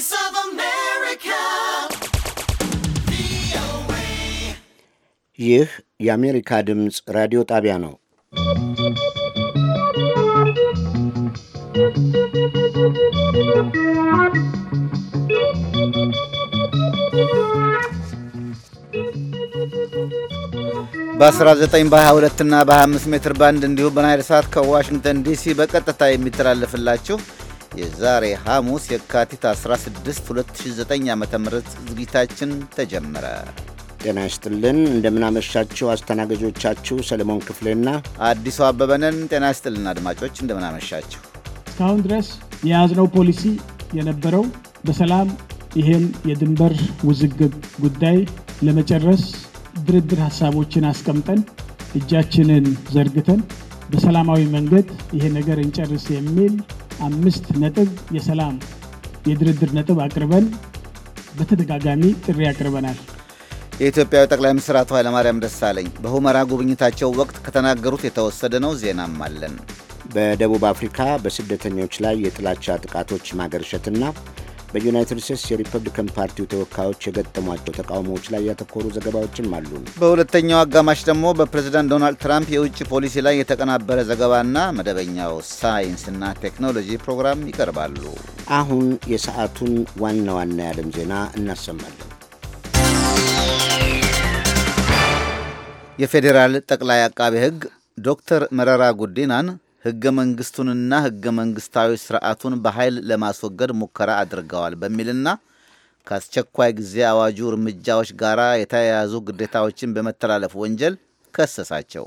Voice of America. ይህ የአሜሪካ ድምፅ ራዲዮ ጣቢያ ነው። በ19 በ22 እና በ25 ሜትር ባንድ እንዲሁም በናይል ሰዓት ከዋሽንግተን ዲሲ በቀጥታ የሚተላለፍላችሁ የዛሬ ሐሙስ የካቲት 16 2009 ዓ ም ዝግጅታችን ተጀመረ። ጤና ይስጥልን፣ እንደምናመሻችሁ። አስተናጋጆቻችሁ ሰለሞን ክፍሌና አዲሱ አበበንን። ጤና ይስጥልን አድማጮች፣ እንደምናመሻችሁ። እስካሁን ድረስ የያዝነው ፖሊሲ የነበረው በሰላም ይህን የድንበር ውዝግብ ጉዳይ ለመጨረስ ድርድር ሀሳቦችን አስቀምጠን እጃችንን ዘርግተን በሰላማዊ መንገድ ይሄ ነገር እንጨርስ የሚል አምስት ነጥብ የሰላም የድርድር ነጥብ አቅርበን በተደጋጋሚ ጥሪ አቅርበናል። የኢትዮጵያ ጠቅላይ ሚኒስትር አቶ ኃይለማርያም ደሳለኝ በሁመራ ጉብኝታቸው ወቅት ከተናገሩት የተወሰደ ነው። ዜናም አለን። በደቡብ አፍሪካ በስደተኞች ላይ የጥላቻ ጥቃቶች ማገርሸትና በዩናይትድ ስቴትስ የሪፐብሊካን ፓርቲው ተወካዮች የገጠሟቸው ተቃውሞዎች ላይ ያተኮሩ ዘገባዎችም አሉ። በሁለተኛው አጋማሽ ደግሞ በፕሬዚዳንት ዶናልድ ትራምፕ የውጭ ፖሊሲ ላይ የተቀናበረ ዘገባና መደበኛው ሳይንስና ቴክኖሎጂ ፕሮግራም ይቀርባሉ። አሁን የሰዓቱን ዋና ዋና የዓለም ዜና እናሰማለን። የፌዴራል ጠቅላይ አቃቤ ሕግ ዶክተር መረራ ጉዲናን ህገ መንግስቱንና ሕገ መንግስታዊ ስርዓቱን በኃይል ለማስወገድ ሙከራ አድርገዋል በሚልና ከአስቸኳይ ጊዜ አዋጁ እርምጃዎች ጋር የተያያዙ ግዴታዎችን በመተላለፍ ወንጀል ከሰሳቸው።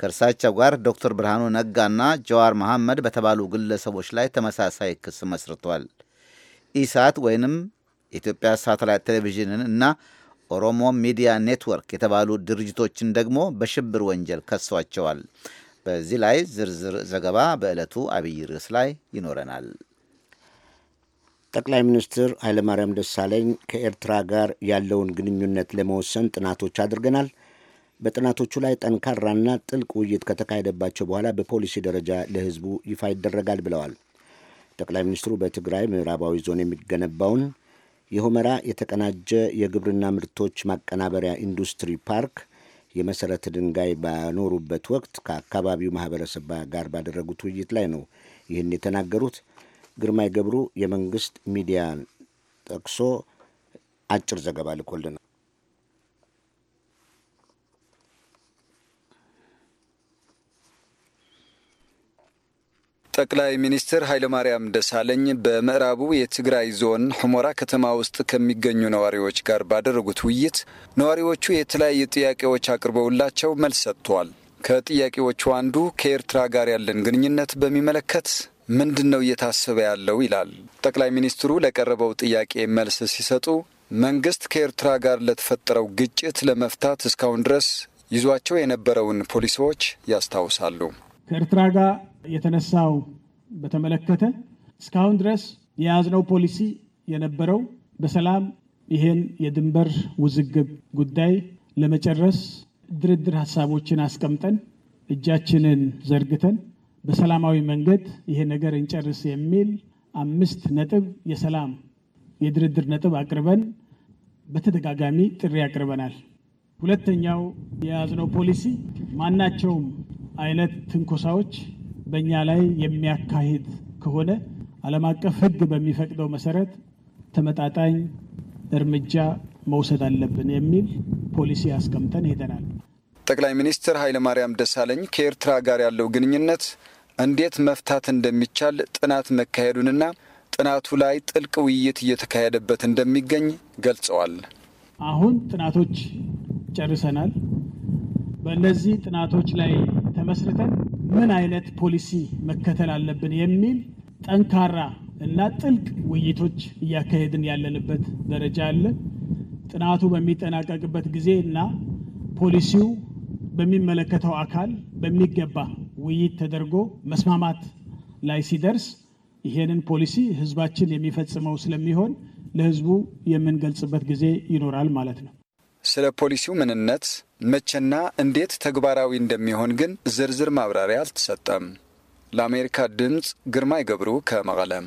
ከእርሳቸው ጋር ዶክተር ብርሃኑ ነጋና ጀዋር መሐመድ በተባሉ ግለሰቦች ላይ ተመሳሳይ ክስ መስርቷል። ኢሳት ወይንም የኢትዮጵያ ሳተላይት ቴሌቪዥንን እና ኦሮሞ ሚዲያ ኔትወርክ የተባሉ ድርጅቶችን ደግሞ በሽብር ወንጀል ከሷቸዋል። በዚህ ላይ ዝርዝር ዘገባ በዕለቱ አብይ ርዕስ ላይ ይኖረናል። ጠቅላይ ሚኒስትር ኃይለማርያም ደሳለኝ ከኤርትራ ጋር ያለውን ግንኙነት ለመወሰን ጥናቶች አድርገናል። በጥናቶቹ ላይ ጠንካራና ጥልቅ ውይይት ከተካሄደባቸው በኋላ በፖሊሲ ደረጃ ለሕዝቡ ይፋ ይደረጋል ብለዋል። ጠቅላይ ሚኒስትሩ በትግራይ ምዕራባዊ ዞን የሚገነባውን የሆመራ የተቀናጀ የግብርና ምርቶች ማቀናበሪያ ኢንዱስትሪ ፓርክ የመሰረተ ድንጋይ ባኖሩበት ወቅት ከአካባቢው ማህበረሰብ ጋር ባደረጉት ውይይት ላይ ነው ይህን የተናገሩት። ግርማይ ገብሩ የመንግስት ሚዲያን ጠቅሶ አጭር ዘገባ ልኮልናል። ጠቅላይ ሚኒስትር ኃይለማርያም ደሳለኝ በምዕራቡ የትግራይ ዞን ሑመራ ከተማ ውስጥ ከሚገኙ ነዋሪዎች ጋር ባደረጉት ውይይት ነዋሪዎቹ የተለያዩ ጥያቄዎች አቅርበውላቸው መልስ ሰጥተዋል። ከጥያቄዎቹ አንዱ ከኤርትራ ጋር ያለን ግንኙነት በሚመለከት ምንድን ነው እየታሰበ ያለው ይላል። ጠቅላይ ሚኒስትሩ ለቀረበው ጥያቄ መልስ ሲሰጡ መንግስት ከኤርትራ ጋር ለተፈጠረው ግጭት ለመፍታት እስካሁን ድረስ ይዟቸው የነበረውን ፖሊሲዎች ያስታውሳሉ። ከኤርትራ ጋር የተነሳው በተመለከተ እስካሁን ድረስ የያዝነው ፖሊሲ የነበረው በሰላም ይሄን የድንበር ውዝግብ ጉዳይ ለመጨረስ ድርድር ሀሳቦችን አስቀምጠን እጃችንን ዘርግተን በሰላማዊ መንገድ ይሄ ነገር እንጨርስ የሚል አምስት ነጥብ የሰላም የድርድር ነጥብ አቅርበን በተደጋጋሚ ጥሪ አቅርበናል። ሁለተኛው የያዝነው ፖሊሲ ማናቸውም አይነት ትንኮሳዎች በእኛ ላይ የሚያካሂድ ከሆነ ዓለም አቀፍ ሕግ በሚፈቅደው መሰረት ተመጣጣኝ እርምጃ መውሰድ አለብን የሚል ፖሊሲ አስቀምጠን ሄደናል። ጠቅላይ ሚኒስትር ኃይለማርያም ደሳለኝ ከኤርትራ ጋር ያለው ግንኙነት እንዴት መፍታት እንደሚቻል ጥናት መካሄዱንና ጥናቱ ላይ ጥልቅ ውይይት እየተካሄደበት እንደሚገኝ ገልጸዋል። አሁን ጥናቶች ጨርሰናል። በእነዚህ ጥናቶች ላይ ተመስርተን ምን አይነት ፖሊሲ መከተል አለብን የሚል ጠንካራ እና ጥልቅ ውይይቶች እያካሄድን ያለንበት ደረጃ አለ። ጥናቱ በሚጠናቀቅበት ጊዜ እና ፖሊሲው በሚመለከተው አካል በሚገባ ውይይት ተደርጎ መስማማት ላይ ሲደርስ ይሄንን ፖሊሲ ህዝባችን የሚፈጽመው ስለሚሆን ለህዝቡ የምንገልጽበት ጊዜ ይኖራል ማለት ነው። ስለ ፖሊሲው ምንነት መቼና እንዴት ተግባራዊ እንደሚሆን ግን ዝርዝር ማብራሪያ አልተሰጠም። ለአሜሪካ ድምፅ ግርማይ ገብሩ ከመቀለም።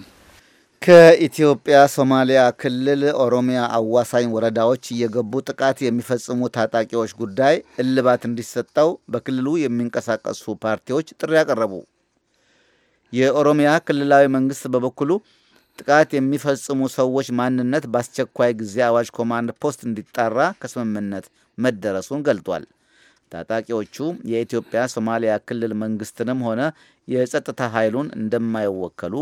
ከኢትዮጵያ ሶማሊያ ክልል ኦሮሚያ አዋሳኝ ወረዳዎች እየገቡ ጥቃት የሚፈጽሙ ታጣቂዎች ጉዳይ እልባት እንዲሰጠው በክልሉ የሚንቀሳቀሱ ፓርቲዎች ጥሪ አቀረቡ። የኦሮሚያ ክልላዊ መንግስት በበኩሉ ጥቃት የሚፈጽሙ ሰዎች ማንነት በአስቸኳይ ጊዜ አዋጅ ኮማንድ ፖስት እንዲጣራ ከስምምነት መደረሱን ገልጧል። ታጣቂዎቹ የኢትዮጵያ ሶማሊያ ክልል መንግስትንም ሆነ የጸጥታ ኃይሉን እንደማይወከሉ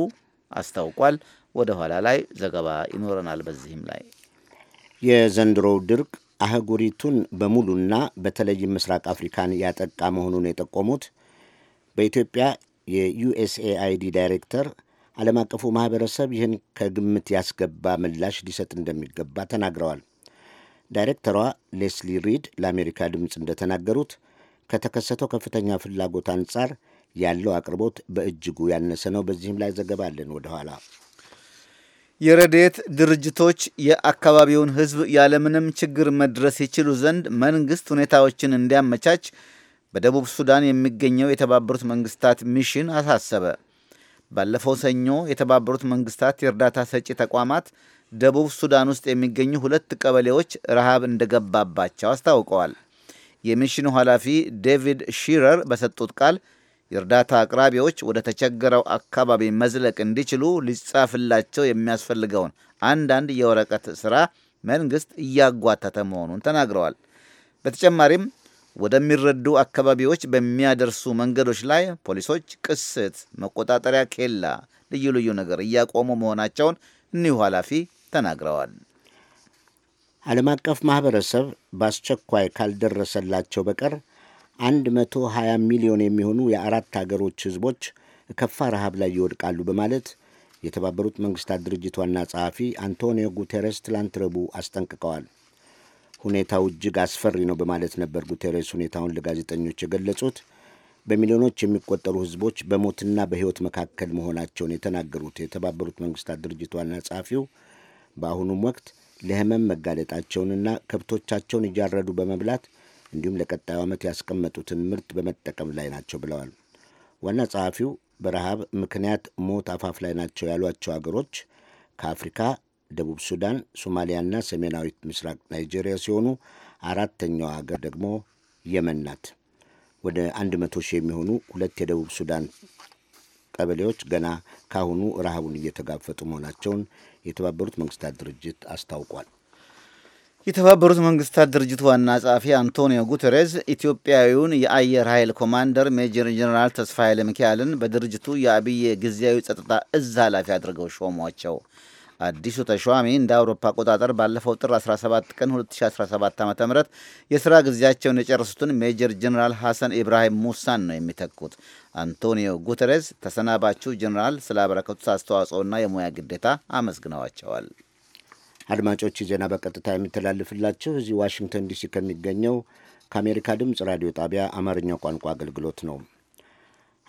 አስታውቋል። ወደ ኋላ ላይ ዘገባ ይኖረናል። በዚህም ላይ የዘንድሮው ድርቅ አህጉሪቱን በሙሉና በተለይም ምስራቅ አፍሪካን ያጠቃ መሆኑን የጠቆሙት በኢትዮጵያ የዩኤስኤአይዲ ዳይሬክተር ዓለም አቀፉ ማህበረሰብ ይህን ከግምት ያስገባ ምላሽ ሊሰጥ እንደሚገባ ተናግረዋል። ዳይሬክተሯ ሌስሊ ሪድ ለአሜሪካ ድምፅ እንደተናገሩት ከተከሰተው ከፍተኛ ፍላጎት አንጻር ያለው አቅርቦት በእጅጉ ያነሰ ነው። በዚህም ላይ ዘገባ አለን ወደኋላ የረድኤት ድርጅቶች የአካባቢውን ሕዝብ ያለምንም ችግር መድረስ ይችሉ ዘንድ መንግስት ሁኔታዎችን እንዲያመቻች በደቡብ ሱዳን የሚገኘው የተባበሩት መንግስታት ሚሽን አሳሰበ። ባለፈው ሰኞ የተባበሩት መንግስታት የእርዳታ ሰጪ ተቋማት ደቡብ ሱዳን ውስጥ የሚገኙ ሁለት ቀበሌዎች ረሃብ እንደገባባቸው አስታውቀዋል። የሚሽኑ ኃላፊ ዴቪድ ሺረር በሰጡት ቃል የእርዳታ አቅራቢዎች ወደ ተቸገረው አካባቢ መዝለቅ እንዲችሉ ሊጻፍላቸው የሚያስፈልገውን አንዳንድ የወረቀት ሥራ መንግሥት እያጓተተ መሆኑን ተናግረዋል። በተጨማሪም ወደሚረዱ አካባቢዎች በሚያደርሱ መንገዶች ላይ ፖሊሶች ቅስት፣ መቆጣጠሪያ ኬላ፣ ልዩ ልዩ ነገር እያቆሙ መሆናቸውን እኒሁ ኃላፊ ተናግረዋል። ዓለም አቀፍ ማኅበረሰብ በአስቸኳይ ካልደረሰላቸው በቀር 120 ሚሊዮን የሚሆኑ የአራት አገሮች ሕዝቦች ከፋ ረሃብ ላይ ይወድቃሉ በማለት የተባበሩት መንግሥታት ድርጅት ዋና ጸሐፊ አንቶኒዮ ጉቴሬስ ትላንት ረቡዕ አስጠንቅቀዋል። ሁኔታው እጅግ አስፈሪ ነው በማለት ነበር ጉቴሬስ ሁኔታውን ለጋዜጠኞች የገለጹት። በሚሊዮኖች የሚቆጠሩ ህዝቦች በሞትና በሕይወት መካከል መሆናቸውን የተናገሩት የተባበሩት መንግስታት ድርጅት ዋና ጸሐፊው በአሁኑም ወቅት ለህመም መጋለጣቸውንና ከብቶቻቸውን እያረዱ በመብላት እንዲሁም ለቀጣዩ ዓመት ያስቀመጡትን ምርት በመጠቀም ላይ ናቸው ብለዋል። ዋና ጸሐፊው በረሃብ ምክንያት ሞት አፋፍ ላይ ናቸው ያሏቸው አገሮች ከአፍሪካ ደቡብ ሱዳን፣ ሶማሊያና ሰሜናዊት ምስራቅ ናይጄሪያ ሲሆኑ አራተኛው ሀገር ደግሞ የመን ናት። ወደ አንድ መቶ ሺህ የሚሆኑ ሁለት የደቡብ ሱዳን ቀበሌዎች ገና ካሁኑ ረሃቡን እየተጋፈጡ መሆናቸውን የተባበሩት መንግስታት ድርጅት አስታውቋል። የተባበሩት መንግስታት ድርጅት ዋና ጸሐፊ አንቶኒዮ ጉተሬዝ ኢትዮጵያዊውን የአየር ኃይል ኮማንደር ሜጀር ጀነራል ተስፋ ኃይለ ሚካኤልን በድርጅቱ የአብዬ ጊዜያዊ ጸጥታ እዝ ኃላፊ አድርገው ሾሟቸው። አዲሱ ተሿሚ እንደ አውሮፓ አቆጣጠር ባለፈው ጥር 17 ቀን 2017 ዓ ም የሥራ ጊዜያቸውን የጨረሱትን ሜጀር ጀኔራል ሐሰን ኢብራሂም ሙሳን ነው የሚተኩት። አንቶኒዮ ጉተሬስ ተሰናባቹ ጀኔራል ስላበረከቱት አስተዋጽኦና የሙያ ግዴታ አመስግነዋቸዋል። አድማጮች፣ ዜና በቀጥታ የሚተላልፍላችሁ እዚህ ዋሽንግተን ዲሲ ከሚገኘው ከአሜሪካ ድምፅ ራዲዮ ጣቢያ አማርኛው ቋንቋ አገልግሎት ነው።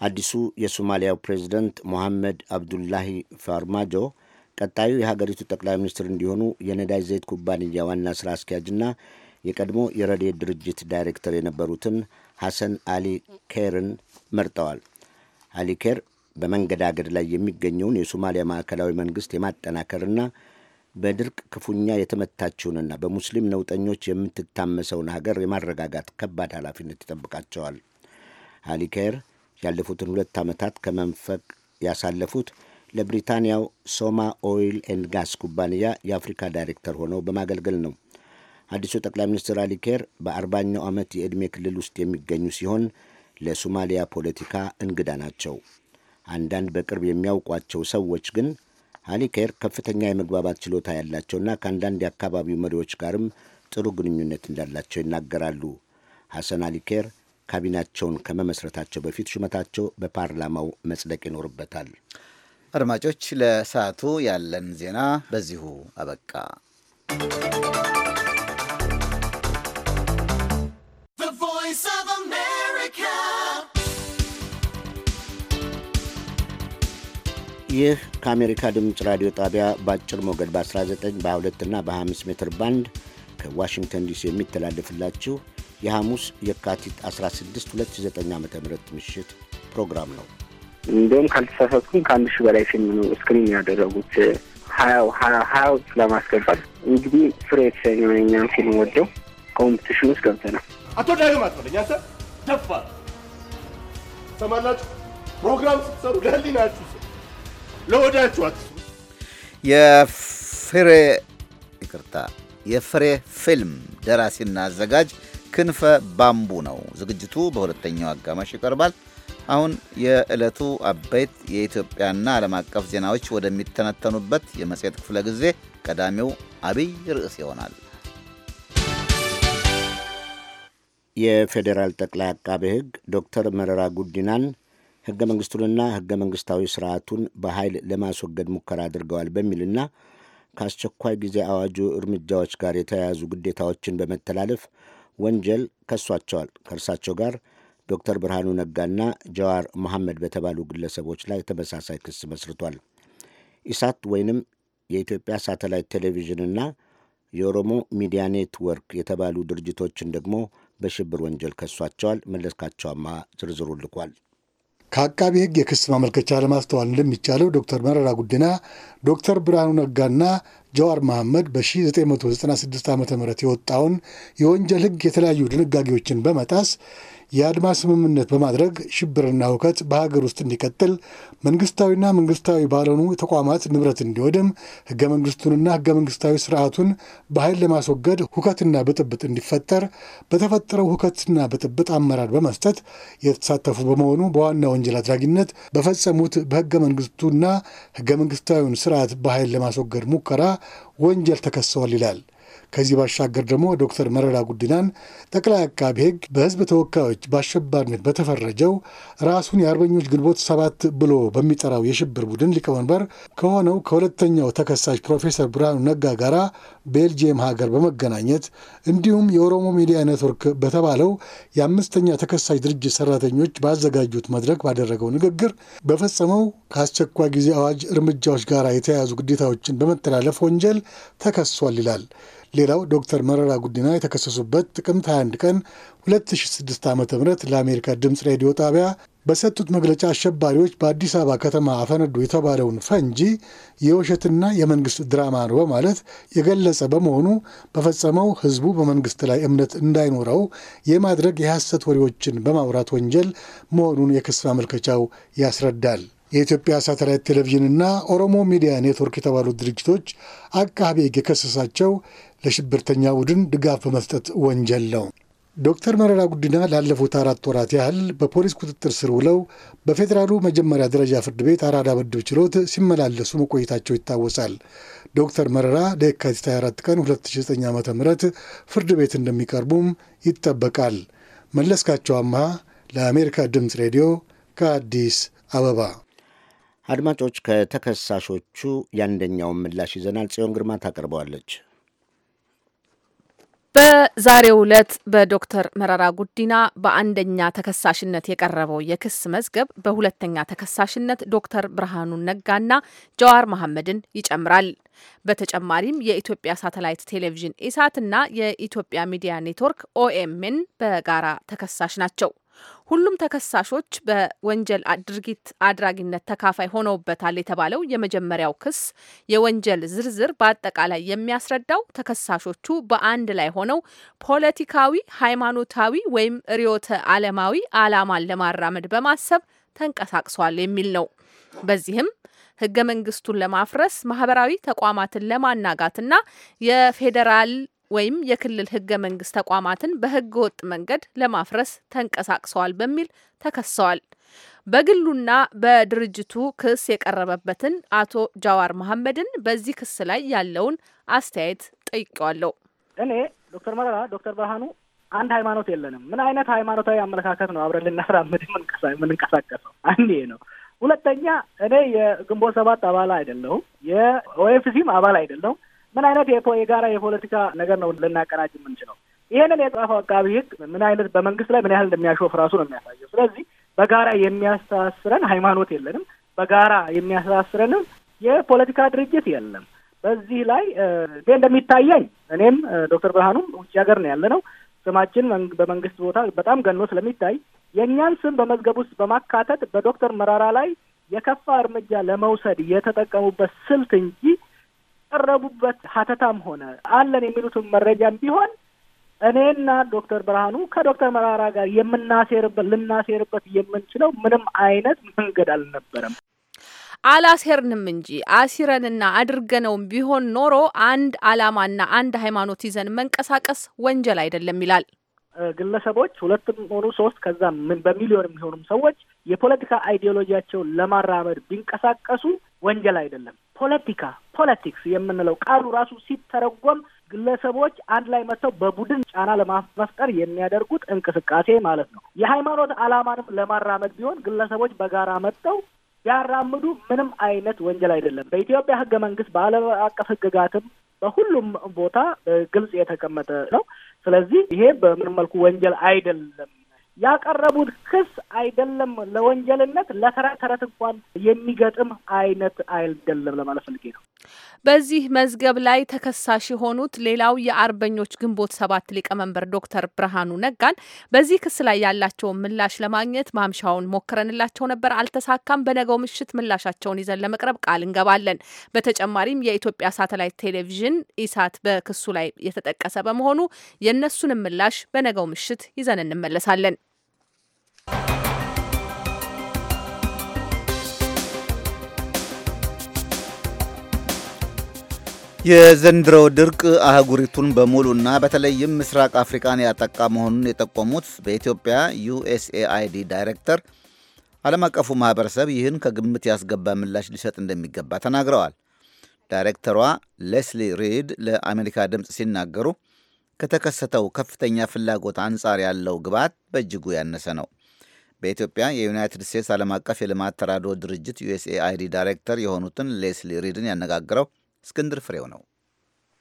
አዲሱ የሶማሊያው ፕሬዚደንት ሞሐመድ አብዱላሂ ፋርማጆ ቀጣዩ የሀገሪቱ ጠቅላይ ሚኒስትር እንዲሆኑ የነዳጅ ዘይት ኩባንያ ዋና ስራ አስኪያጅና የቀድሞ የረድኤት ድርጅት ዳይሬክተር የነበሩትን ሐሰን አሊ ኬርን መርጠዋል። አሊ ኬር በመንገዳገድ ላይ የሚገኘውን የሶማሊያ ማዕከላዊ መንግስት የማጠናከርና በድርቅ ክፉኛ የተመታችውንና በሙስሊም ነውጠኞች የምትታመሰውን ሀገር የማረጋጋት ከባድ ኃላፊነት ይጠብቃቸዋል። አሊ ኬር ያለፉትን ሁለት ዓመታት ከመንፈቅ ያሳለፉት ለብሪታንያው ሶማ ኦይል ኤንድ ጋስ ኩባንያ የአፍሪካ ዳይሬክተር ሆነው በማገልገል ነው። አዲሱ ጠቅላይ ሚኒስትር አሊ ኬር በአርባኛው ዓመት የዕድሜ ክልል ውስጥ የሚገኙ ሲሆን ለሶማሊያ ፖለቲካ እንግዳ ናቸው። አንዳንድ በቅርብ የሚያውቋቸው ሰዎች ግን አሊ ኬር ከፍተኛ የመግባባት ችሎታ ያላቸውና ከአንዳንድ የአካባቢው መሪዎች ጋርም ጥሩ ግንኙነት እንዳላቸው ይናገራሉ። ሐሰን አሊ ኬር ካቢናቸውን ከመመስረታቸው በፊት ሹመታቸው በፓርላማው መጽደቅ ይኖርበታል። አድማጮች ለሰዓቱ ያለን ዜና በዚሁ አበቃ። ይህ ከአሜሪካ ድምፅ ራዲዮ ጣቢያ በአጭር ሞገድ በ19 በ2 እና በ 25 ሜትር ባንድ ከዋሽንግተን ዲሲ የሚተላለፍላችሁ የሐሙስ የካቲት 16 2009 ዓ.ም ምሽት ፕሮግራም ነው። እንዲሁም ካልተሳሳትኩም ከአንድ ሺህ በላይ ፊልም ነው ስክሪን ያደረጉት። ሀያው ሀያው ለማስገባት እንግዲህ ፍሬ የተሰኘ የእኛን ፊልም ወደው ኮምፕቲሽን ውስጥ ገብተናል። አቶ ዳግም አትበለኝ አንተ ደፋር ሰማላችሁ። ፕሮግራም ስትሰሩ ለህሊናችሁ ለወዳችሁ አትስሩ። የፍሬ ይቅርታ፣ የፍሬ ፊልም ደራሲና አዘጋጅ ክንፈ ባምቡ ነው። ዝግጅቱ በሁለተኛው አጋማሽ ይቀርባል። አሁን የዕለቱ አበይት የኢትዮጵያና ዓለም አቀፍ ዜናዎች ወደሚተነተኑበት የመጽሔት ክፍለ ጊዜ ቀዳሚው አብይ ርዕስ ይሆናል። የፌዴራል ጠቅላይ አቃቤ ሕግ ዶክተር መረራ ጉዲናን ሕገ መንግሥቱንና ሕገ መንግሥታዊ ሥርዓቱን በኃይል ለማስወገድ ሙከራ አድርገዋል በሚልና ከአስቸኳይ ጊዜ አዋጁ እርምጃዎች ጋር የተያያዙ ግዴታዎችን በመተላለፍ ወንጀል ከሷቸዋል ከእርሳቸው ጋር ዶክተር ብርሃኑ ነጋና ጀዋር መሐመድ በተባሉ ግለሰቦች ላይ ተመሳሳይ ክስ መስርቷል። ኢሳት ወይንም የኢትዮጵያ ሳተላይት ቴሌቪዥንና የኦሮሞ ሚዲያ ኔትወርክ የተባሉ ድርጅቶችን ደግሞ በሽብር ወንጀል ከሷቸዋል። መለስካቸዋማ ዝርዝሩ ልኳል። ከአቃቢ ሕግ የክስ ማመልከቻ ለማስተዋል እንደሚቻለው ዶክተር መረራ ጉዲና፣ ዶክተር ብርሃኑ ነጋና ጀዋር መሐመድ በ1996 ዓ ም የወጣውን የወንጀል ሕግ የተለያዩ ድንጋጌዎችን በመጣስ የአድማ ስምምነት በማድረግ ሽብርና እውከት በሀገር ውስጥ እንዲቀጥል መንግስታዊና መንግስታዊ ባልሆኑ ተቋማት ንብረት እንዲወድም ህገ መንግስቱንና ህገ መንግስታዊ ስርዓቱን በኃይል ለማስወገድ ሁከትና ብጥብጥ እንዲፈጠር በተፈጠረው ሁከትና ብጥብጥ አመራር በመስጠት የተሳተፉ በመሆኑ በዋና ወንጀል አድራጊነት በፈጸሙት በህገ መንግስቱና ህገ መንግስታዊውን ስርዓት በኃይል ለማስወገድ ሙከራ ወንጀል ተከሰዋል ይላል። ከዚህ ባሻገር ደግሞ ዶክተር መረራ ጉዲናን ጠቅላይ አቃቢ ሕግ በህዝብ ተወካዮች በአሸባሪነት በተፈረጀው ራሱን የአርበኞች ግንቦት ሰባት ብሎ በሚጠራው የሽብር ቡድን ሊቀመንበር ከሆነው ከሁለተኛው ተከሳሽ ፕሮፌሰር ብርሃኑ ነጋ ጋራ ቤልጅየም ሀገር በመገናኘት እንዲሁም የኦሮሞ ሚዲያ ኔትወርክ በተባለው የአምስተኛ ተከሳሽ ድርጅት ሰራተኞች ባዘጋጁት መድረክ ባደረገው ንግግር በፈጸመው ከአስቸኳይ ጊዜ አዋጅ እርምጃዎች ጋር የተያያዙ ግዴታዎችን በመተላለፍ ወንጀል ተከሷል ይላል። ሌላው ዶክተር መረራ ጉዲና የተከሰሱበት ጥቅምት 21 ቀን 2006 ዓ ም ለአሜሪካ ድምፅ ሬዲዮ ጣቢያ በሰጡት መግለጫ አሸባሪዎች በአዲስ አበባ ከተማ አፈነዱ የተባለውን ፈንጂ የውሸትና የመንግስት ድራማ ነው በማለት የገለጸ በመሆኑ በፈጸመው ህዝቡ በመንግስት ላይ እምነት እንዳይኖረው የማድረግ የሐሰት ወሬዎችን በማውራት ወንጀል መሆኑን የክስ ማመልከቻው ያስረዳል። የኢትዮጵያ ሳተላይት ቴሌቪዥንና ኦሮሞ ሚዲያ ኔትወርክ የተባሉት ድርጅቶች አቃቤ ሕግ የከሰሳቸው ለሽብርተኛ ቡድን ድጋፍ በመስጠት ወንጀል ነው። ዶክተር መረራ ጉዲና ላለፉት አራት ወራት ያህል በፖሊስ ቁጥጥር ስር ውለው በፌዴራሉ መጀመሪያ ደረጃ ፍርድ ቤት አራዳ ምድብ ችሎት ሲመላለሱ መቆየታቸው ይታወሳል። ዶክተር መረራ ለየካቲት 24 ቀን 2009 ዓ ም ፍርድ ቤት እንደሚቀርቡም ይጠበቃል። መለስካቸው አምሃ ለአሜሪካ ድምፅ ሬዲዮ ከአዲስ አበባ። አድማጮች፣ ከተከሳሾቹ የአንደኛውን ምላሽ ይዘናል። ጽዮን ግርማ ታቀርበዋለች። በዛሬው ዕለት በዶክተር መረራ ጉዲና በአንደኛ ተከሳሽነት የቀረበው የክስ መዝገብ በሁለተኛ ተከሳሽነት ዶክተር ብርሃኑን ነጋና ጀዋር መሐመድን ይጨምራል። በተጨማሪም የኢትዮጵያ ሳተላይት ቴሌቪዥን ኢሳት እና የኢትዮጵያ ሚዲያ ኔትወርክ ኦኤምኤን በጋራ ተከሳሽ ናቸው። ሁሉም ተከሳሾች በወንጀል ድርጊት አድራጊነት ተካፋይ ሆነውበታል የተባለው የመጀመሪያው ክስ የወንጀል ዝርዝር በአጠቃላይ የሚያስረዳው ተከሳሾቹ በአንድ ላይ ሆነው ፖለቲካዊ፣ ሃይማኖታዊ ወይም ርዕዮተ ዓለማዊ ዓላማን ለማራመድ በማሰብ ተንቀሳቅሷል የሚል ነው። በዚህም ህገ መንግስቱን ለማፍረስ ማህበራዊ ተቋማትን ለማናጋትና የፌዴራል ወይም የክልል ህገ መንግስት ተቋማትን በህገ ወጥ መንገድ ለማፍረስ ተንቀሳቅሰዋል በሚል ተከሰዋል። በግሉና በድርጅቱ ክስ የቀረበበትን አቶ ጃዋር መሐመድን በዚህ ክስ ላይ ያለውን አስተያየት ጠይቄዋለሁ። እኔ ዶክተር መረራ ዶክተር ብርሃኑ አንድ ሃይማኖት የለንም። ምን አይነት ሃይማኖታዊ አመለካከት ነው አብረን ልናራምድ የምንንቀሳቀሰው? አንድ ነው። ሁለተኛ እኔ የግንቦት ሰባት አባል አይደለሁም፣ የኦኤፍሲም አባል አይደለሁም። ምን አይነት የጋራ የፖለቲካ ነገር ነው ልናቀናጅ የምንችለው? ይህንን የጻፈው አቃቢ ህግ ምን አይነት በመንግስት ላይ ምን ያህል እንደሚያሾፍ ራሱ ነው የሚያሳየው። ስለዚህ በጋራ የሚያስተሳስረን ሃይማኖት የለንም። በጋራ የሚያስተሳስረንም የፖለቲካ ድርጅት የለም። በዚህ ላይ እኔ እንደሚታየኝ እኔም ዶክተር ብርሃኑም ውጭ ሀገር ነው ያለነው። ስማችን በመንግስት ቦታ በጣም ገኖ ስለሚታይ የእኛን ስም በመዝገብ ውስጥ በማካተት በዶክተር መራራ ላይ የከፋ እርምጃ ለመውሰድ የተጠቀሙበት ስልት እንጂ ያቀረቡበት ሀተታም ሆነ አለን የሚሉትን መረጃም ቢሆን እኔና ዶክተር ብርሃኑ ከዶክተር መራራ ጋር የምናሴርበት ልናሴርበት የምንችለው ምንም አይነት መንገድ አልነበረም። አላሴርንም እንጂ አሲረንና አድርገነውም ቢሆን ኖሮ አንድ አላማና አንድ ሃይማኖት ይዘን መንቀሳቀስ ወንጀል አይደለም ይላል። ግለሰቦች ሁለትም ሆኑ ሶስት ከዛ በሚሊዮን የሚሆኑም ሰዎች የፖለቲካ አይዲዮሎጂያቸውን ለማራመድ ቢንቀሳቀሱ ወንጀል አይደለም። ፖለቲካ ፖለቲክስ የምንለው ቃሉ ራሱ ሲተረጎም ግለሰቦች አንድ ላይ መጥተው በቡድን ጫና ለመፍጠር የሚያደርጉት እንቅስቃሴ ማለት ነው። የሃይማኖት ዓላማንም ለማራመድ ቢሆን ግለሰቦች በጋራ መጥተው ያራምዱ ምንም አይነት ወንጀል አይደለም። በኢትዮጵያ ህገ መንግስት በዓለም አቀፍ ህግጋትም በሁሉም ቦታ ግልጽ የተቀመጠ ነው። ስለዚህ ይሄ በምንም መልኩ ወንጀል አይደለም። ያቀረቡት ክስ አይደለም ለወንጀልነት ለተረት ተረት እንኳን የሚገጥም አይነት አይደለም ለማለት ፈልጌ ነው። በዚህ መዝገብ ላይ ተከሳሽ የሆኑት ሌላው የአርበኞች ግንቦት ሰባት ሊቀመንበር ዶክተር ብርሃኑ ነጋን በዚህ ክስ ላይ ያላቸውን ምላሽ ለማግኘት ማምሻውን ሞክረንላቸው ነበር፣ አልተሳካም። በነገው ምሽት ምላሻቸውን ይዘን ለመቅረብ ቃል እንገባለን። በተጨማሪም የኢትዮጵያ ሳተላይት ቴሌቪዥን ኢሳት በክሱ ላይ የተጠቀሰ በመሆኑ የእነሱንም ምላሽ በነገው ምሽት ይዘን እንመለሳለን። የዘንድሮ ድርቅ አህጉሪቱን በሙሉና በተለይም ምስራቅ አፍሪካን ያጠቃ መሆኑን የጠቆሙት በኢትዮጵያ ዩኤስኤአይዲ ዳይሬክተር ዓለም አቀፉ ማህበረሰብ ይህን ከግምት ያስገባ ምላሽ ሊሰጥ እንደሚገባ ተናግረዋል። ዳይሬክተሯ ሌስሊ ሪድ ለአሜሪካ ድምፅ ሲናገሩ ከተከሰተው ከፍተኛ ፍላጎት አንጻር ያለው ግብዓት በእጅጉ ያነሰ ነው። በኢትዮጵያ የዩናይትድ ስቴትስ ዓለም አቀፍ የልማት ተራድኦ ድርጅት ዩኤስኤአይዲ ዳይሬክተር የሆኑትን ሌስሊ ሪድን ያነጋግረው እስክንድር ፍሬው ነው።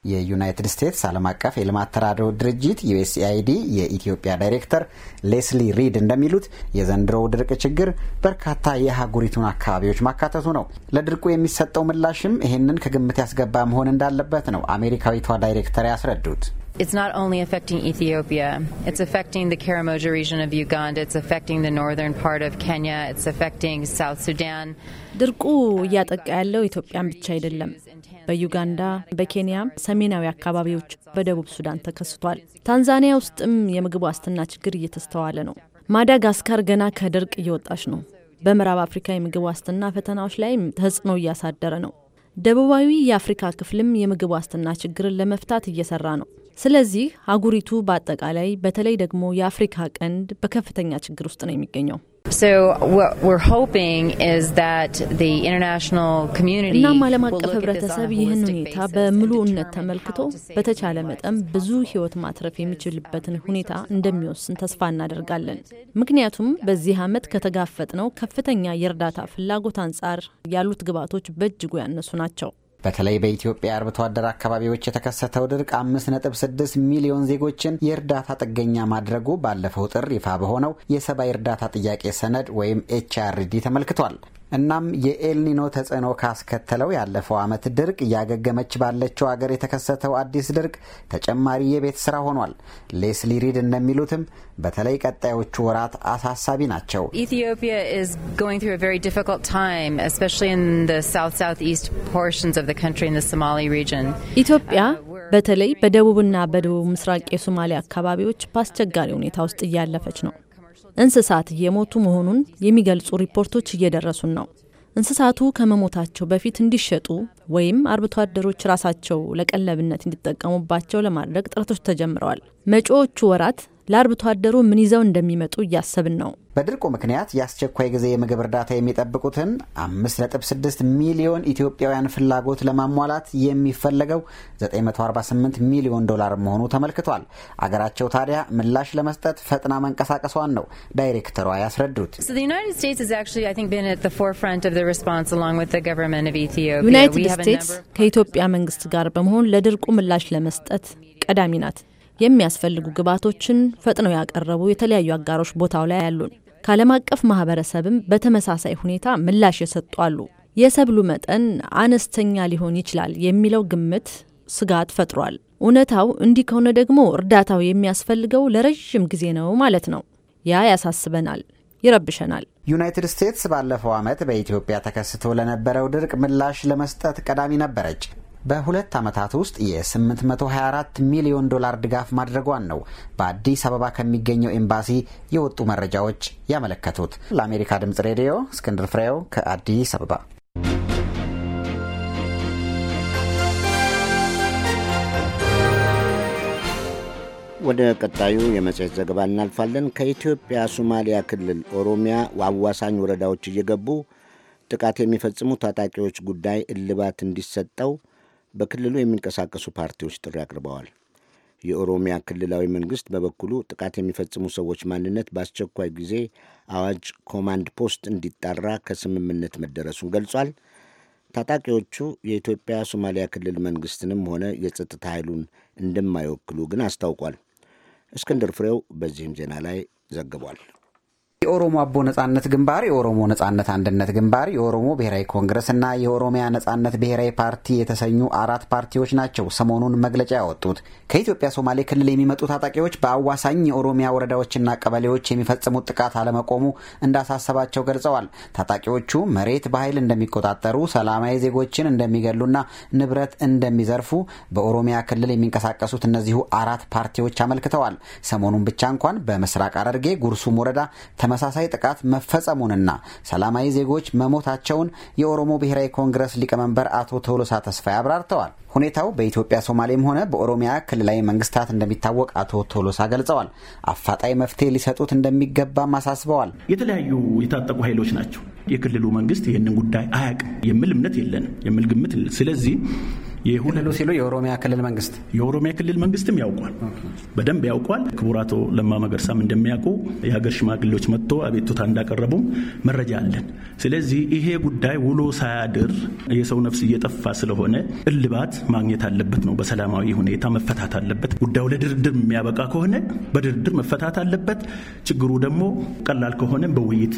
የዩናይትድ ስቴትስ ዓለም አቀፍ የልማት ተራድኦ ድርጅት ዩኤስኤአይዲ የኢትዮጵያ ዳይሬክተር ሌስሊ ሪድ እንደሚሉት የዘንድሮው ድርቅ ችግር በርካታ የአህጉሪቱን አካባቢዎች ማካተቱ ነው። ለድርቁ የሚሰጠው ምላሽም ይህንን ከግምት ያስገባ መሆን እንዳለበት ነው አሜሪካዊቷ ዳይሬክተር ያስረዱት። It's not only affecting Ethiopia, it's affecting the Karamoja region of Uganda, it's affecting the northern part of Kenya, it's affecting South Sudan. ድርቁ እያጠቃ ያለው ኢትዮጵያን ብቻ አይደለም። በዩጋንዳ፣ በኬንያ ሰሜናዊ አካባቢዎች፣ በደቡብ ሱዳን ተከስቷል። ታንዛኒያ ውስጥም የምግብ ዋስትና ችግር እየተስተዋለ ነው። ማዳጋስካር ገና ከድርቅ እየወጣች ነው። በምዕራብ አፍሪካ የምግብ ዋስትና ፈተናዎች ላይም ተጽዕኖ እያሳደረ ነው። ደቡባዊ የአፍሪካ ክፍልም የምግብ ዋስትና ችግርን ለመፍታት እየሰራ ነው። ስለዚህ አጉሪቱ በአጠቃላይ በተለይ ደግሞ የአፍሪካ ቀንድ በከፍተኛ ችግር ውስጥ ነው የሚገኘው። እናም ዓለም አቀፍ ህብረተሰብ ይህን ሁኔታ በምሉእነት ተመልክቶ በተቻለ መጠን ብዙ ህይወት ማትረፍ የሚችልበትን ሁኔታ እንደሚወስን ተስፋ እናደርጋለን። ምክንያቱም በዚህ ዓመት ከተጋፈጥነው ከፍተኛ የእርዳታ ፍላጎት አንጻር ያሉት ግብዓቶች በእጅጉ ያነሱ ናቸው። በተለይ በኢትዮጵያ አርብቶ አደር አካባቢዎች የተከሰተው ድርቅ 5.6 ሚሊዮን ዜጎችን የእርዳታ ጥገኛ ማድረጉ ባለፈው ጥር ይፋ በሆነው የሰብአዊ እርዳታ ጥያቄ ሰነድ ወይም ኤችአርዲ ተመልክቷል። እናም የኤልኒኖ ተጽዕኖ ካስከተለው ያለፈው ዓመት ድርቅ እያገገመች ባለችው አገር የተከሰተው አዲስ ድርቅ ተጨማሪ የቤት ስራ ሆኗል። ሌስሊ ሪድ እንደሚሉትም በተለይ ቀጣዮቹ ወራት አሳሳቢ ናቸው። ኢትዮጵያ uh, በተለይ በደቡብና በደቡብ ምስራቅ የሶማሊያ አካባቢዎች በአስቸጋሪ ሁኔታ ውስጥ እያለፈች ነው። እንስሳት እየሞቱ መሆኑን የሚገልጹ ሪፖርቶች እየደረሱን ነው። እንስሳቱ ከመሞታቸው በፊት እንዲሸጡ ወይም አርብቶ አደሮች ራሳቸው ለቀለብነት እንዲጠቀሙባቸው ለማድረግ ጥረቶች ተጀምረዋል። መጪዎቹ ወራት ለአርብቶ አደሩ ምን ይዘው እንደሚመጡ እያሰብን ነው። በድርቁ ምክንያት የአስቸኳይ ጊዜ የምግብ እርዳታ የሚጠብቁትን 5.6 ሚሊዮን ኢትዮጵያውያን ፍላጎት ለማሟላት የሚፈለገው 948 ሚሊዮን ዶላር መሆኑ ተመልክቷል። አገራቸው ታዲያ ምላሽ ለመስጠት ፈጥና መንቀሳቀሷን ነው ዳይሬክተሯ ያስረዱት። ዩናይትድ ስቴትስ ከኢትዮጵያ መንግስት ጋር በመሆን ለድርቁ ምላሽ ለመስጠት ቀዳሚ ናት። የሚያስፈልጉ ግብዓቶችን ፈጥነው ያቀረቡ የተለያዩ አጋሮች ቦታው ላይ አሉን። ከዓለም አቀፍ ማህበረሰብም በተመሳሳይ ሁኔታ ምላሽ የሰጡ አሉ። የሰብሉ መጠን አነስተኛ ሊሆን ይችላል የሚለው ግምት ስጋት ፈጥሯል። እውነታው እንዲህ ከሆነ ደግሞ እርዳታው የሚያስፈልገው ለረዥም ጊዜ ነው ማለት ነው። ያ ያሳስበናል፣ ይረብሸናል። ዩናይትድ ስቴትስ ባለፈው ዓመት በኢትዮጵያ ተከስቶ ለነበረው ድርቅ ምላሽ ለመስጠት ቀዳሚ ነበረች። በሁለት ዓመታት ውስጥ የ824 ሚሊዮን ዶላር ድጋፍ ማድረጓን ነው በአዲስ አበባ ከሚገኘው ኤምባሲ የወጡ መረጃዎች ያመለከቱት። ለአሜሪካ ድምጽ ሬዲዮ እስክንድር ፍሬው ከአዲስ አበባ። ወደ ቀጣዩ የመጽሔት ዘገባ እናልፋለን። ከኢትዮጵያ ሶማሊያ ክልል ኦሮሚያ አዋሳኝ ወረዳዎች እየገቡ ጥቃት የሚፈጽሙ ታጣቂዎች ጉዳይ እልባት እንዲሰጠው በክልሉ የሚንቀሳቀሱ ፓርቲዎች ጥሪ አቅርበዋል። የኦሮሚያ ክልላዊ መንግስት በበኩሉ ጥቃት የሚፈጽሙ ሰዎች ማንነት በአስቸኳይ ጊዜ አዋጅ ኮማንድ ፖስት እንዲጣራ ከስምምነት መደረሱን ገልጿል። ታጣቂዎቹ የኢትዮጵያ ሶማሊያ ክልል መንግስትንም ሆነ የጸጥታ ኃይሉን እንደማይወክሉ ግን አስታውቋል። እስክንድር ፍሬው በዚህም ዜና ላይ ዘግቧል። የኦሮሞ አቦ ነጻነት ግንባር፣ የኦሮሞ ነጻነት አንድነት ግንባር፣ የኦሮሞ ብሔራዊ ኮንግረስ እና የኦሮሚያ ነጻነት ብሔራዊ ፓርቲ የተሰኙ አራት ፓርቲዎች ናቸው ሰሞኑን መግለጫ ያወጡት። ከኢትዮጵያ ሶማሌ ክልል የሚመጡ ታጣቂዎች በአዋሳኝ የኦሮሚያ ወረዳዎችና ቀበሌዎች የሚፈጽሙት ጥቃት አለመቆሙ እንዳሳሰባቸው ገልጸዋል። ታጣቂዎቹ መሬት በኃይል እንደሚቆጣጠሩ፣ ሰላማዊ ዜጎችን እንደሚገሉና ንብረት እንደሚዘርፉ በኦሮሚያ ክልል የሚንቀሳቀሱት እነዚሁ አራት ፓርቲዎች አመልክተዋል። ሰሞኑን ብቻ እንኳን በምስራቅ ሐረርጌ ጉርሱም ወረዳ ተመሳሳይ ጥቃት መፈጸሙንና ሰላማዊ ዜጎች መሞታቸውን የኦሮሞ ብሔራዊ ኮንግረስ ሊቀመንበር አቶ ቶሎሳ ተስፋዬ አብራርተዋል። ሁኔታው በኢትዮጵያ ሶማሌም ሆነ በኦሮሚያ ክልላዊ መንግስታት እንደሚታወቅ አቶ ቶሎሳ ገልጸዋል። አፋጣኝ መፍትሄ ሊሰጡት እንደሚገባም አሳስበዋል። የተለያዩ የታጠቁ ኃይሎች ናቸው። የክልሉ መንግስት ይህንን ጉዳይ አያውቅም የሚል እምነት የለንም የሚል ግምት ስለዚህ የሆነ ሲሉ የኦሮሚያ ክልል መንግስት የኦሮሚያ ክልል መንግስትም ያውቋል፣ በደንብ ያውቋል። ክቡር አቶ ለማ መገርሳም እንደሚያውቁ የሀገር ሽማግሌዎች መጥቶ አቤቱታ እንዳቀረቡም መረጃ አለን። ስለዚህ ይሄ ጉዳይ ውሎ ሳያድር የሰው ነፍስ እየጠፋ ስለሆነ እልባት ማግኘት አለበት ነው። በሰላማዊ ሁኔታ መፈታት አለበት። ጉዳዩ ለድርድር የሚያበቃ ከሆነ በድርድር መፈታት አለበት። ችግሩ ደግሞ ቀላል ከሆነ በውይይት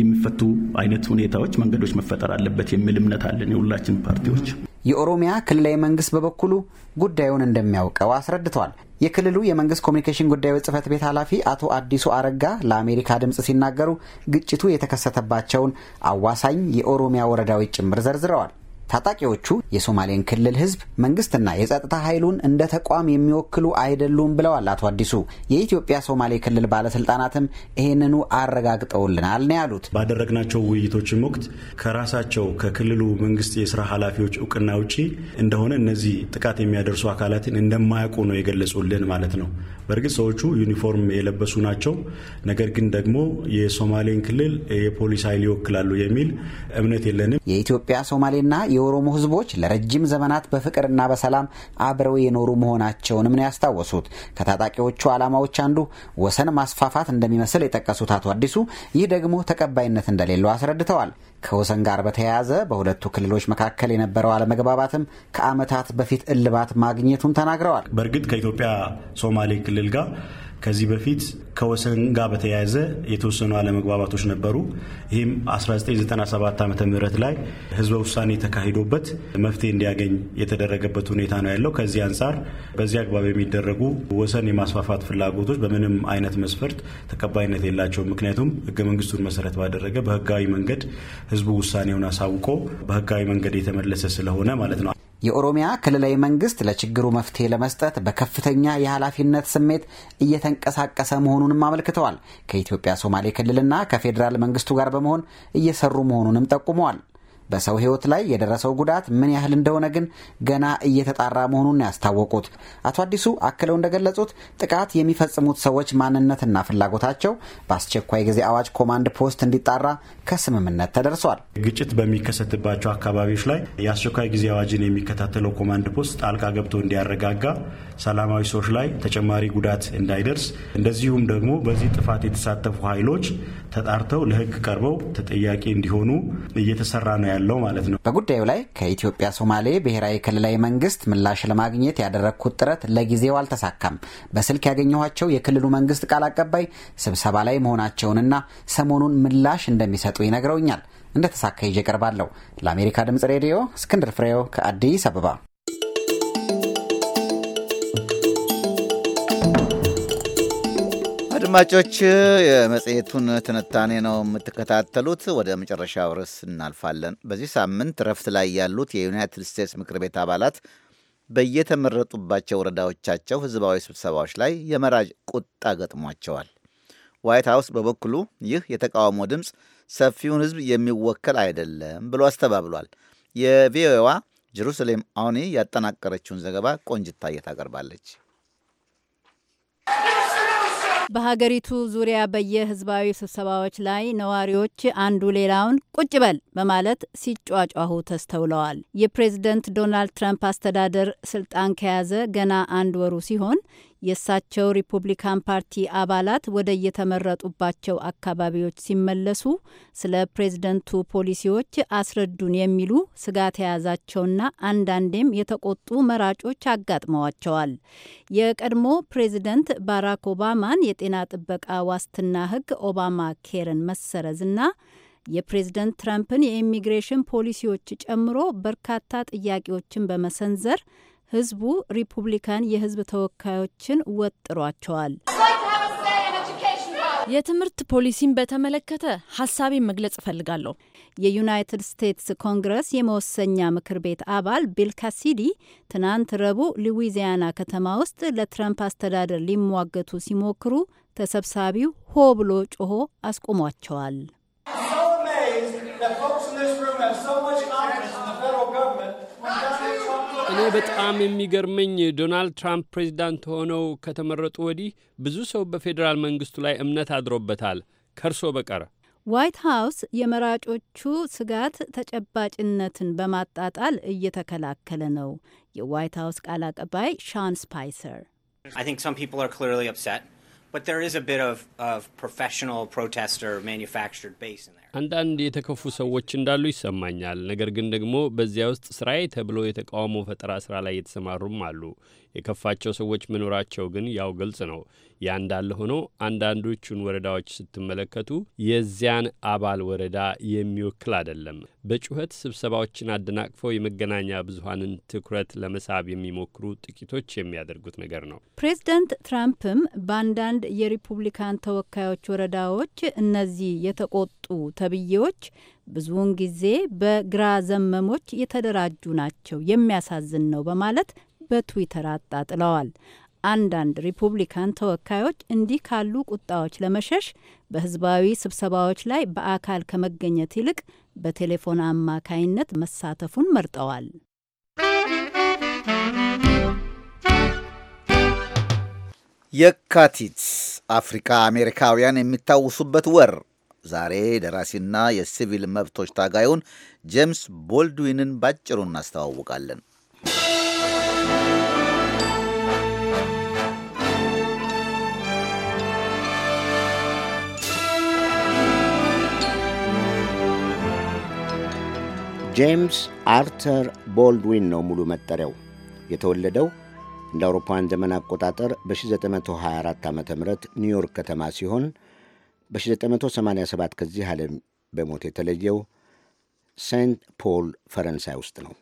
የሚፈቱ አይነት ሁኔታዎች፣ መንገዶች መፈጠር አለበት የሚል እምነት አለን የሁላችን ፓርቲዎች የኦሮሚያ ክልላዊ መንግስት በበኩሉ ጉዳዩን እንደሚያውቀው አስረድቷል። የክልሉ የመንግስት ኮሚኒኬሽን ጉዳዮች ጽህፈት ቤት ኃላፊ አቶ አዲሱ አረጋ ለአሜሪካ ድምፅ ሲናገሩ ግጭቱ የተከሰተባቸውን አዋሳኝ የኦሮሚያ ወረዳዎች ጭምር ዘርዝረዋል። ታጣቂዎቹ የሶማሌን ክልል ህዝብ መንግስትና የጸጥታ ኃይሉን እንደ ተቋም የሚወክሉ አይደሉም ብለዋል አቶ አዲሱ። የኢትዮጵያ ሶማሌ ክልል ባለስልጣናትም ይህንኑ አረጋግጠውልናል ነው ያሉት። ባደረግናቸው ውይይቶችም ወቅት ከራሳቸው ከክልሉ መንግስት የስራ ኃላፊዎች እውቅና ውጪ እንደሆነ እነዚህ ጥቃት የሚያደርሱ አካላትን እንደማያውቁ ነው የገለጹልን ማለት ነው። በእርግጥ ሰዎቹ ዩኒፎርም የለበሱ ናቸው። ነገር ግን ደግሞ የሶማሌን ክልል የፖሊስ ኃይል ይወክላሉ የሚል እምነት የለንም። የኢትዮጵያ ሶማሌና የኦሮሞ ህዝቦች ለረጅም ዘመናት በፍቅርና በሰላም አብረው የኖሩ መሆናቸውንም ነው ያስታወሱት። ከታጣቂዎቹ ዓላማዎች አንዱ ወሰን ማስፋፋት እንደሚመስል የጠቀሱት አቶ አዲሱ ይህ ደግሞ ተቀባይነት እንደሌለው አስረድተዋል። ከወሰን ጋር በተያያዘ በሁለቱ ክልሎች መካከል የነበረው አለመግባባትም ከዓመታት በፊት እልባት ማግኘቱን ተናግረዋል። በእርግጥ ከኢትዮጵያ ሶማሌ ክልል ጋር ከዚህ በፊት ከወሰን ጋር በተያያዘ የተወሰኑ አለመግባባቶች ነበሩ። ይህም 1997 ዓ ም ላይ ህዝበ ውሳኔ ተካሂዶበት መፍትሄ እንዲያገኝ የተደረገበት ሁኔታ ነው ያለው። ከዚህ አንጻር በዚህ አግባብ የሚደረጉ ወሰን የማስፋፋት ፍላጎቶች በምንም አይነት መስፈርት ተቀባይነት የላቸው። ምክንያቱም ህገ መንግስቱን መሰረት ባደረገ በህጋዊ መንገድ ህዝቡ ውሳኔውን አሳውቆ በህጋዊ መንገድ የተመለሰ ስለሆነ ማለት ነው። የኦሮሚያ ክልላዊ መንግስት ለችግሩ መፍትሄ ለመስጠት በከፍተኛ የኃላፊነት ስሜት እየተንቀሳቀሰ መሆኑንም አመልክተዋል። ከኢትዮጵያ ሶማሌ ክልልና ከፌዴራል መንግስቱ ጋር በመሆን እየሰሩ መሆኑንም ጠቁመዋል። በሰው ሕይወት ላይ የደረሰው ጉዳት ምን ያህል እንደሆነ ግን ገና እየተጣራ መሆኑን ያስታወቁት አቶ አዲሱ አክለው እንደገለጹት ጥቃት የሚፈጽሙት ሰዎች ማንነትና ፍላጎታቸው በአስቸኳይ ጊዜ አዋጅ ኮማንድ ፖስት እንዲጣራ ከስምምነት ተደርሷል። ግጭት በሚከሰትባቸው አካባቢዎች ላይ የአስቸኳይ ጊዜ አዋጅን የሚከታተለው ኮማንድ ፖስት ጣልቃ ገብቶ እንዲያረጋጋ፣ ሰላማዊ ሰዎች ላይ ተጨማሪ ጉዳት እንዳይደርስ፣ እንደዚሁም ደግሞ በዚህ ጥፋት የተሳተፉ ኃይሎች ተጣርተው ለህግ ቀርበው ተጠያቂ እንዲሆኑ እየተሰራ ነው ያለው ማለት ነው። በጉዳዩ ላይ ከኢትዮጵያ ሶማሌ ብሔራዊ ክልላዊ መንግስት ምላሽ ለማግኘት ያደረግኩት ጥረት ለጊዜው አልተሳካም። በስልክ ያገኘኋቸው የክልሉ መንግስት ቃል አቀባይ ስብሰባ ላይ መሆናቸውንና ሰሞኑን ምላሽ እንደሚሰጡ ይነግረውኛል። እንደተሳካ ይዤ እቀርባለሁ። ለአሜሪካ ድምጽ ሬዲዮ እስክንድር ፍሬው ከአዲስ አበባ አድማጮች የመጽሔቱን ትንታኔ ነው የምትከታተሉት። ወደ መጨረሻው ርዕስ እናልፋለን። በዚህ ሳምንት ረፍት ላይ ያሉት የዩናይትድ ስቴትስ ምክር ቤት አባላት በየተመረጡባቸው ወረዳዎቻቸው ህዝባዊ ስብሰባዎች ላይ የመራጭ ቁጣ ገጥሟቸዋል። ዋይት ሀውስ በበኩሉ ይህ የተቃውሞ ድምፅ ሰፊውን ህዝብ የሚወከል አይደለም ብሎ አስተባብሏል። የቪኦኤዋ ጀሩሳሌም አውኒ ያጠናቀረችውን ዘገባ ቆንጅታ እየታቀርባለች። በሀገሪቱ ዙሪያ በየህዝባዊ ስብሰባዎች ላይ ነዋሪዎች አንዱ ሌላውን ቁጭ በል በማለት ሲጯጯሁ ተስተውለዋል። የፕሬዝደንት ዶናልድ ትራምፕ አስተዳደር ስልጣን ከያዘ ገና አንድ ወሩ ሲሆን የእሳቸው ሪፑብሊካን ፓርቲ አባላት ወደ የተመረጡባቸው አካባቢዎች ሲመለሱ ስለ ፕሬዝደንቱ ፖሊሲዎች አስረዱን የሚሉ ስጋት የያዛቸውና አንዳንዴም የተቆጡ መራጮች አጋጥመዋቸዋል። የቀድሞ ፕሬዝደንት ባራክ ኦባማን የጤና ጥበቃ ዋስትና ህግ ኦባማ ኬርን መሰረዝና የፕሬዝደንት ትራምፕን የኢሚግሬሽን ፖሊሲዎች ጨምሮ በርካታ ጥያቄዎችን በመሰንዘር ህዝቡ ሪፑብሊካን የህዝብ ተወካዮችን ወጥሯቸዋል። የትምህርት ፖሊሲን በተመለከተ ሀሳቤን መግለጽ እፈልጋለሁ። የዩናይትድ ስቴትስ ኮንግረስ የመወሰኛ ምክር ቤት አባል ቢል ካሲዲ ትናንት ረቡዕ ሉዊዚያና ከተማ ውስጥ ለትራምፕ አስተዳደር ሊሟገቱ ሲሞክሩ ተሰብሳቢው ሆ ብሎ ጮሆ አስቆሟቸዋል። እኔ በጣም የሚገርመኝ ዶናልድ ትራምፕ ፕሬዚዳንት ሆነው ከተመረጡ ወዲህ ብዙ ሰው በፌዴራል መንግስቱ ላይ እምነት አድሮበታል ከእርሶ በቀር። ዋይት ሀውስ የመራጮቹ ስጋት ተጨባጭነትን በማጣጣል እየተከላከለ ነው። የዋይት ሀውስ ቃል አቀባይ ሻን ስፓይሰር አንዳንድ የተከፉ ሰዎች እንዳሉ ይሰማኛል። ነገር ግን ደግሞ በዚያ ውስጥ ስራዬ ተብሎ የተቃውሞ ፈጠራ ስራ ላይ የተሰማሩም አሉ። የከፋቸው ሰዎች መኖራቸው ግን ያው ግልጽ ነው። ያ እንዳለ ሆኖ አንዳንዶቹን ወረዳዎች ስትመለከቱ የዚያን አባል ወረዳ የሚወክል አይደለም። በጩኸት ስብሰባዎችን አደናቅፈው የመገናኛ ብዙሀንን ትኩረት ለመሳብ የሚሞክሩ ጥቂቶች የሚያደርጉት ነገር ነው። ፕሬዝደንት ትራምፕም በአንዳንድ የሪፑብሊካን ተወካዮች ወረዳዎች እነዚህ የተቆጡ ተብዬዎች ብዙውን ጊዜ በግራ ዘመሞች የተደራጁ ናቸው፣ የሚያሳዝን ነው በማለት በትዊተር አጣጥለዋል። አንዳንድ ሪፑብሊካን ተወካዮች እንዲህ ካሉ ቁጣዎች ለመሸሽ በህዝባዊ ስብሰባዎች ላይ በአካል ከመገኘት ይልቅ በቴሌፎን አማካይነት መሳተፉን መርጠዋል። የካቲት አፍሪካ አሜሪካውያን የሚታወሱበት ወር ዛሬ ደራሲና የሲቪል መብቶች ታጋዩን ጄምስ ቦልድዊንን ባጭሩ እናስተዋውቃለን። ጄምስ አርተር ቦልድዊን ነው ሙሉ መጠሪያው። የተወለደው እንደ አውሮፓውያን ዘመን አቆጣጠር በ1924 ዓ ም ኒውዮርክ ከተማ ሲሆን በ1987 ከዚህ ዓለም በሞት የተለየው ሴንት ፖል ፈረንሳይ ውስጥ ነው።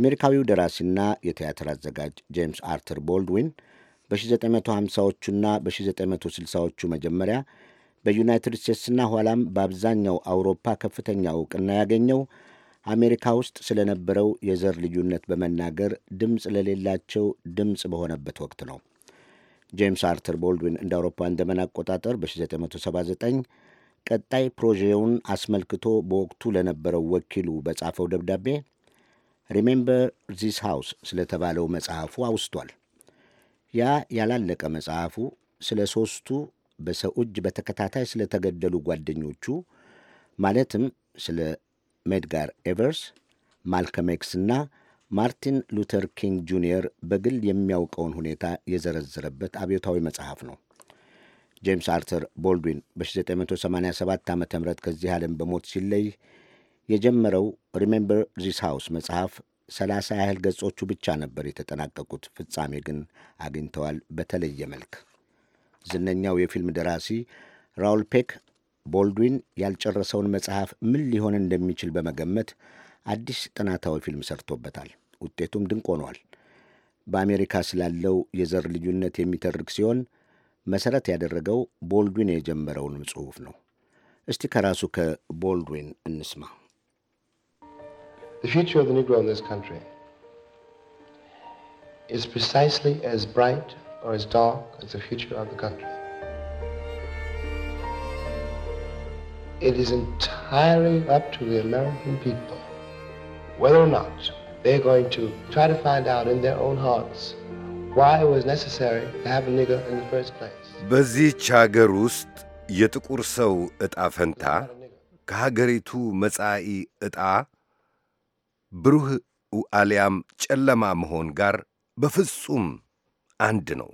አሜሪካዊው ደራሲና የቲያትር አዘጋጅ ጄምስ አርተር ቦልድዊን በ1950ዎቹና በ1960ዎቹ መጀመሪያ በዩናይትድ ስቴትስና ኋላም በአብዛኛው አውሮፓ ከፍተኛ እውቅና ያገኘው አሜሪካ ውስጥ ስለነበረው የዘር ልዩነት በመናገር ድምፅ ለሌላቸው ድምፅ በሆነበት ወቅት ነው። ጄምስ አርተር ቦልድዊን እንደ አውሮፓውያን ዘመን አቆጣጠር በ1979 ቀጣይ ፕሮጄውን አስመልክቶ በወቅቱ ለነበረው ወኪሉ በጻፈው ደብዳቤ ሪሜምበር ዚስ ሃውስ ስለተባለው መጽሐፉ አውስቷል። ያ ያላለቀ መጽሐፉ ስለ ሦስቱ በሰው እጅ በተከታታይ ስለተገደሉ ጓደኞቹ ማለትም ስለ ሜድጋር ኤቨርስ፣ ማልከም ኤክስ እና ማርቲን ሉተር ኪንግ ጁኒየር በግል የሚያውቀውን ሁኔታ የዘረዘረበት አብዮታዊ መጽሐፍ ነው። ጄምስ አርተር ቦልድዊን በ1987 ዓ ም ከዚህ ዓለም በሞት ሲለይ የጀመረው ሪሜምበር ዚስ ሃውስ መጽሐፍ 30 ያህል ገጾቹ ብቻ ነበር የተጠናቀቁት። ፍጻሜ ግን አግኝተዋል በተለየ መልክ። ዝነኛው የፊልም ደራሲ ራውል ፔክ ቦልድዊን ያልጨረሰውን መጽሐፍ ምን ሊሆን እንደሚችል በመገመት አዲስ ጥናታዊ ፊልም ሰርቶበታል። ውጤቱም ድንቅ ሆኗል። በአሜሪካ ስላለው የዘር ልዩነት የሚተርክ ሲሆን መሠረት ያደረገው ቦልድዊን የጀመረውንም ጽሑፍ ነው። እስቲ ከራሱ ከቦልድዊን እንስማ። is precisely as bright or as dark as the future of the country. It is entirely up to the American people whether or not they're going to try to find out in their own hearts why it was necessary to have a nigger in the first place. በዚህች ሀገር ውስጥ የጥቁር ሰው ዕጣ ፈንታ ከሀገሪቱ መጻኢ ዕጣ ብሩህ አሊያም ጨለማ መሆን ጋር በፍጹም አንድ ነው።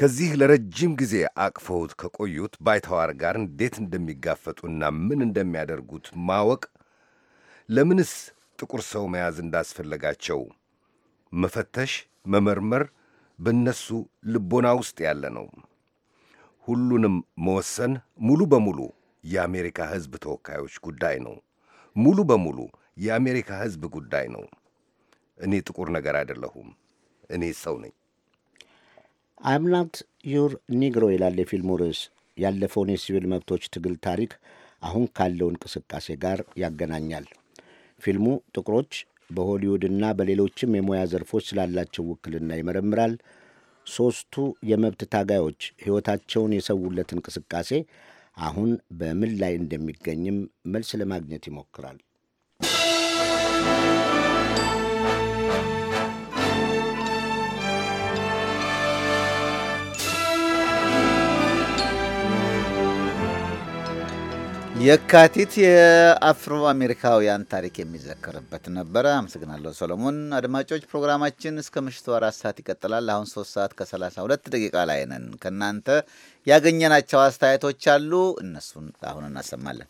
ከዚህ ለረጅም ጊዜ አቅፈውት ከቆዩት ባይተዋር ጋር እንዴት እንደሚጋፈጡና ምን እንደሚያደርጉት ማወቅ፣ ለምንስ ጥቁር ሰው መያዝ እንዳስፈለጋቸው መፈተሽ፣ መመርመር በእነሱ ልቦና ውስጥ ያለ ነው። ሁሉንም መወሰን ሙሉ በሙሉ የአሜሪካ ሕዝብ ተወካዮች ጉዳይ ነው። ሙሉ በሙሉ የአሜሪካ ሕዝብ ጉዳይ ነው። እኔ ጥቁር ነገር አይደለሁም። እኔ ሰው ነኝ። አምናት ዩር ኒግሮ ይላል የፊልሙ ርዕስ። ያለፈውን የሲቪል መብቶች ትግል ታሪክ አሁን ካለው እንቅስቃሴ ጋር ያገናኛል። ፊልሙ ጥቁሮች በሆሊውድና በሌሎችም የሙያ ዘርፎች ስላላቸው ውክልና ይመረምራል። ሦስቱ የመብት ታጋዮች ሕይወታቸውን የሰውለት እንቅስቃሴ አሁን በምን ላይ እንደሚገኝም መልስ ለማግኘት ይሞክራል። የካቲት የአፍሮ አሜሪካውያን ታሪክ የሚዘከርበት ነበረ። አመሰግናለሁ ሰሎሞን። አድማጮች ፕሮግራማችን እስከ ምሽቱ አራት ሰዓት ይቀጥላል። አሁን ሶስት ሰዓት ከሰላሳ ሁለት ደቂቃ ላይ ነን። ከእናንተ ያገኘናቸው አስተያየቶች አሉ። እነሱን አሁን እናሰማለን።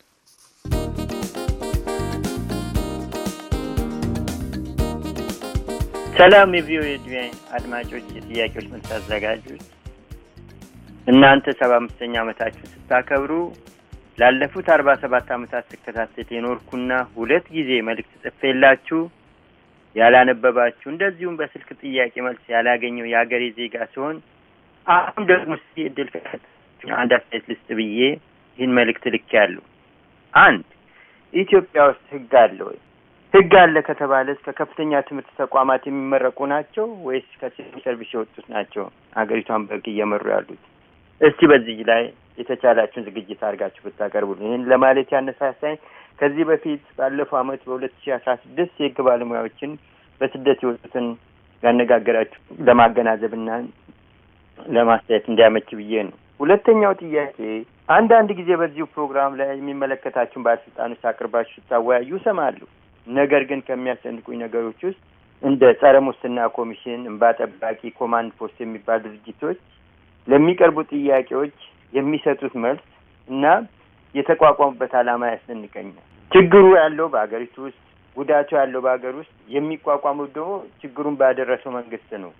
ሰላም የቪኦኤ አድማጮች፣ የጥያቄዎች ምንት አዘጋጆች እናንተ ሰባ አምስተኛ ዓመታችሁ ስታከብሩ ላለፉት አርባ ሰባት ዓመታት ስከታተት የኖርኩና ሁለት ጊዜ መልእክት ጽፌላችሁ ያላነበባችሁ እንደዚሁም በስልክ ጥያቄ መልስ ያላገኘው የሀገሬ ዜጋ ሲሆን አሁን ደግሞ ስ እድል አንድ አስተያየት ልስጥ ብዬ ይህን መልእክት ልክ ያሉ አንድ ኢትዮጵያ ውስጥ ህግ አለ ወይ? ህግ አለ ከተባለ ከከፍተኛ ትምህርት ተቋማት የሚመረቁ ናቸው ወይስ ከሲቪል ሰርቪስ የወጡት ናቸው ሀገሪቷን በህግ እየመሩ ያሉት? እስቲ በዚህ ላይ የተቻላችሁን ዝግጅት አድርጋችሁ ብታቀርቡልን። ይህን ለማለት ያነሳሳኝ ከዚህ በፊት ባለፈው ዓመት በሁለት ሺ አስራ ስድስት የህግ ባለሙያዎችን በስደት የወጡትን ያነጋገራችሁ ለማገናዘብና ለማስተያየት እንዲያመች ብዬ ነው። ሁለተኛው ጥያቄ አንዳንድ ጊዜ በዚሁ ፕሮግራም ላይ የሚመለከታችሁን ባለስልጣኖች አቅርባችሁ ስታወያዩ ይሰማሉ። ነገር ግን ከሚያስጨንቁኝ ነገሮች ውስጥ እንደ ጸረ ሙስና ኮሚሽን፣ እንባ ጠባቂ፣ ኮማንድ ፖስት የሚባሉ ድርጅቶች ለሚቀርቡ ጥያቄዎች የሚሰጡት መልስ እና የተቋቋሙበት ዓላማ ያስደንቀኛል። ችግሩ ያለው በሀገሪቱ ውስጥ፣ ጉዳቱ ያለው በሀገር ውስጥ፣ የሚቋቋሙት ደግሞ ችግሩን ባደረሰው መንግስት ነው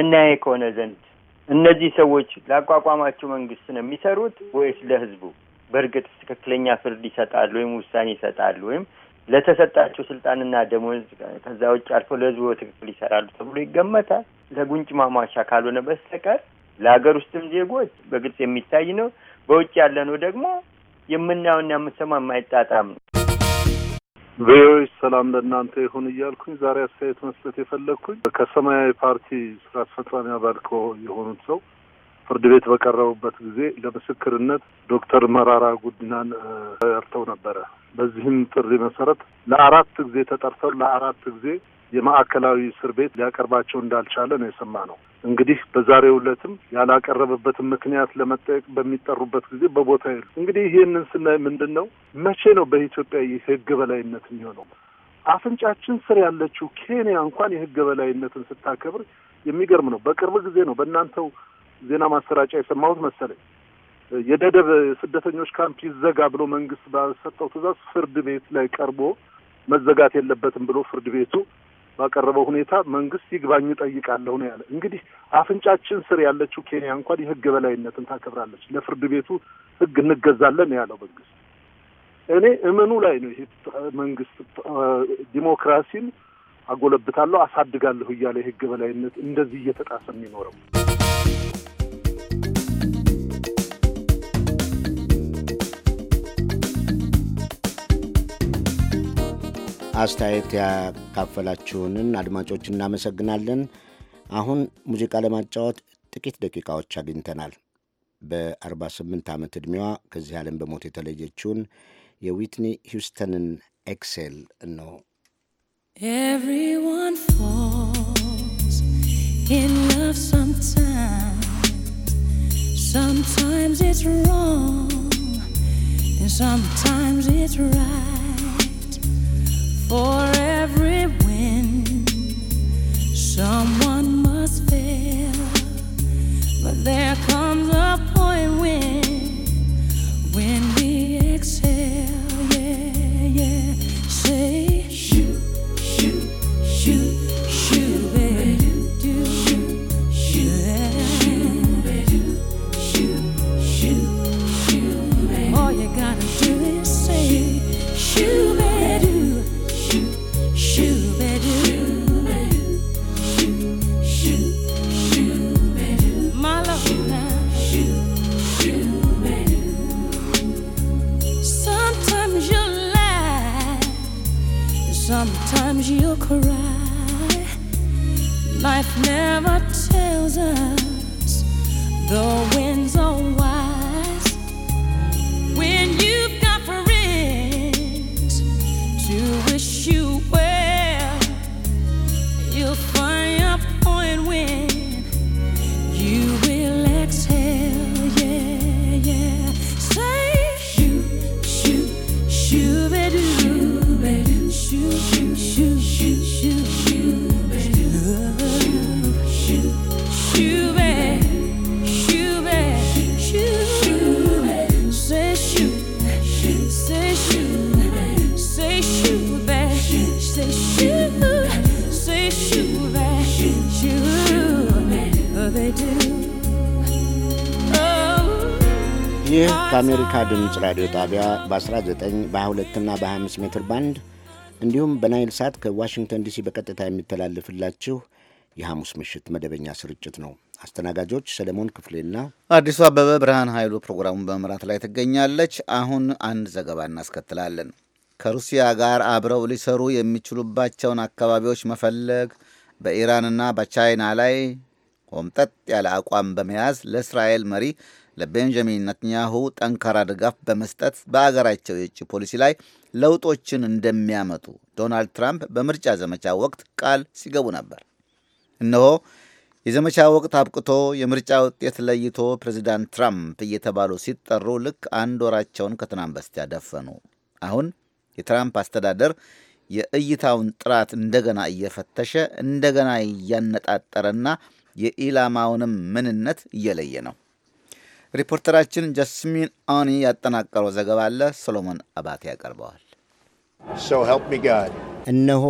እና ከሆነ ዘንድ እነዚህ ሰዎች ላቋቋማቸው መንግስት ነው የሚሰሩት ወይስ ለህዝቡ? በእርግጥ ትክክለኛ ፍርድ ይሰጣሉ ወይም ውሳኔ ይሰጣሉ ወይም ለተሰጣቸው ስልጣንና ደሞዝ ከዛ ውጭ አልፎ ለህዝቡ ትክክል ይሰራሉ ተብሎ ይገመታል። ለጉንጭ ማሟሻ ካልሆነ በስተቀር ለሀገር ውስጥም ዜጎች በግልጽ የሚታይ ነው። በውጭ ያለነው ደግሞ የምናየውና የምንሰማ የማይጣጣም ነው። ቪኦኤ ሰላም ለእናንተ ይሁን እያልኩኝ ዛሬ አስተያየት መስጠት የፈለግኩኝ ከሰማያዊ ፓርቲ ስራ አስፈጻሚ አባል የሆኑት ሰው ፍርድ ቤት በቀረቡበት ጊዜ ለምስክርነት ዶክተር መራራ ጉዲናን ጠርተው ነበረ። በዚህም ጥሪ መሰረት ለአራት ጊዜ ተጠርተው ለአራት ጊዜ የማዕከላዊ እስር ቤት ሊያቀርባቸው እንዳልቻለ ነው የሰማ ነው። እንግዲህ በዛሬው ዕለትም ያላቀረበበትን ምክንያት ለመጠየቅ በሚጠሩበት ጊዜ በቦታ የሉ። እንግዲህ ይህንን ስናይ ምንድን ነው መቼ ነው በኢትዮጵያ የህግ በላይነት የሚሆነው? አፍንጫችን ስር ያለችው ኬንያ እንኳን የህግ በላይነትን ስታከብር የሚገርም ነው። በቅርብ ጊዜ ነው በእናንተው ዜና ማሰራጫ የሰማሁት መሰለኝ የደደብ ስደተኞች ካምፕ ይዘጋ ብሎ መንግስት ባሰጠው ትእዛዝ ፍርድ ቤት ላይ ቀርቦ መዘጋት የለበትም ብሎ ፍርድ ቤቱ ባቀረበው ሁኔታ መንግስት ይግባኝ ጠይቃለሁ ነው ያለ። እንግዲህ አፍንጫችን ስር ያለችው ኬንያ እንኳን የህግ በላይነትን ታከብራለች፣ ለፍርድ ቤቱ ህግ እንገዛለን ነው ያለው መንግስት። እኔ እምኑ ላይ ነው ይሄ መንግስት ዲሞክራሲን አጎለብታለሁ አሳድጋለሁ እያለ የህግ በላይነት እንደዚህ እየተጣሰ የሚኖረው? አስተያየት ያካፈላችሁንን አድማጮች እናመሰግናለን። አሁን ሙዚቃ ለማጫወት ጥቂት ደቂቃዎች አግኝተናል። በ48 ዓመት ዕድሜዋ ከዚህ ዓለም በሞት የተለየችውን የዊትኒ ሂውስተንን ኤክሴል ነው። Everyone falls in love sometimes. Sometimes it's wrong and sometimes it's right. For every win, someone must fail. But there comes a point when, when የአሜሪካ ድምፅ ራዲዮ ጣቢያ በ19 በ22ና በ25 ሜትር ባንድ እንዲሁም በናይል ሳት ከዋሽንግተን ዲሲ በቀጥታ የሚተላልፍላችሁ የሐሙስ ምሽት መደበኛ ስርጭት ነው። አስተናጋጆች ሰለሞን ክፍሌና አዲሱ አበበ ብርሃን ኃይሉ ፕሮግራሙን በመምራት ላይ ትገኛለች። አሁን አንድ ዘገባ እናስከትላለን። ከሩሲያ ጋር አብረው ሊሰሩ የሚችሉባቸውን አካባቢዎች መፈለግ በኢራንና በቻይና ላይ ቆምጠጥ ያለ አቋም በመያዝ ለእስራኤል መሪ ለቤንጃሚን ነትንያሁ ጠንካራ ድጋፍ በመስጠት በአገራቸው የውጭ ፖሊሲ ላይ ለውጦችን እንደሚያመጡ ዶናልድ ትራምፕ በምርጫ ዘመቻ ወቅት ቃል ሲገቡ ነበር። እነሆ የዘመቻ ወቅት አብቅቶ የምርጫ ውጤት ለይቶ ፕሬዚዳንት ትራምፕ እየተባሉ ሲጠሩ ልክ አንድ ወራቸውን ከትናንት በስቲያ ደፈኑ። አሁን የትራምፕ አስተዳደር የእይታውን ጥራት እንደገና እየፈተሸ እንደገና እያነጣጠረና የኢላማውንም ምንነት እየለየ ነው። ሪፖርተራችን ጃስሚን ኦኒ ያጠናቀረው ዘገባ አለ። ሶሎሞን አባቴ ያቀርበዋል። እነሆ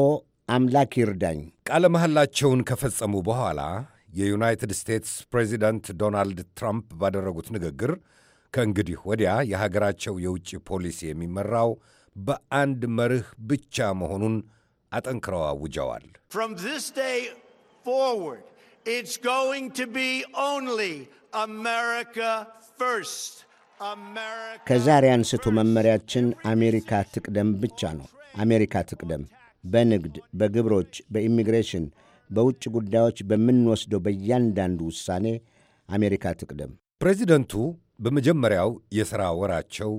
አምላክ ይርዳኝ ቃለ መሐላቸውን ከፈጸሙ በኋላ የዩናይትድ ስቴትስ ፕሬዚደንት ዶናልድ ትራምፕ ባደረጉት ንግግር ከእንግዲህ ወዲያ የሀገራቸው የውጭ ፖሊሲ የሚመራው በአንድ መርህ ብቻ መሆኑን አጠንክረው አውጀዋል። ፍሮም ዚስ ዴይ ፎርወርድ ኢትስ ጎይንግ ቱ ቢ ኦንሊ ከዛሬ አንስቶ መመሪያችን አሜሪካ ትቅደም ብቻ ነው። አሜሪካ ትቅደም። በንግድ፣ በግብሮች፣ በኢሚግሬሽን፣ በውጭ ጉዳዮች በምንወስደው በእያንዳንዱ ውሳኔ አሜሪካ ትቅደም። ፕሬዚደንቱ በመጀመሪያው የሥራ ወራቸው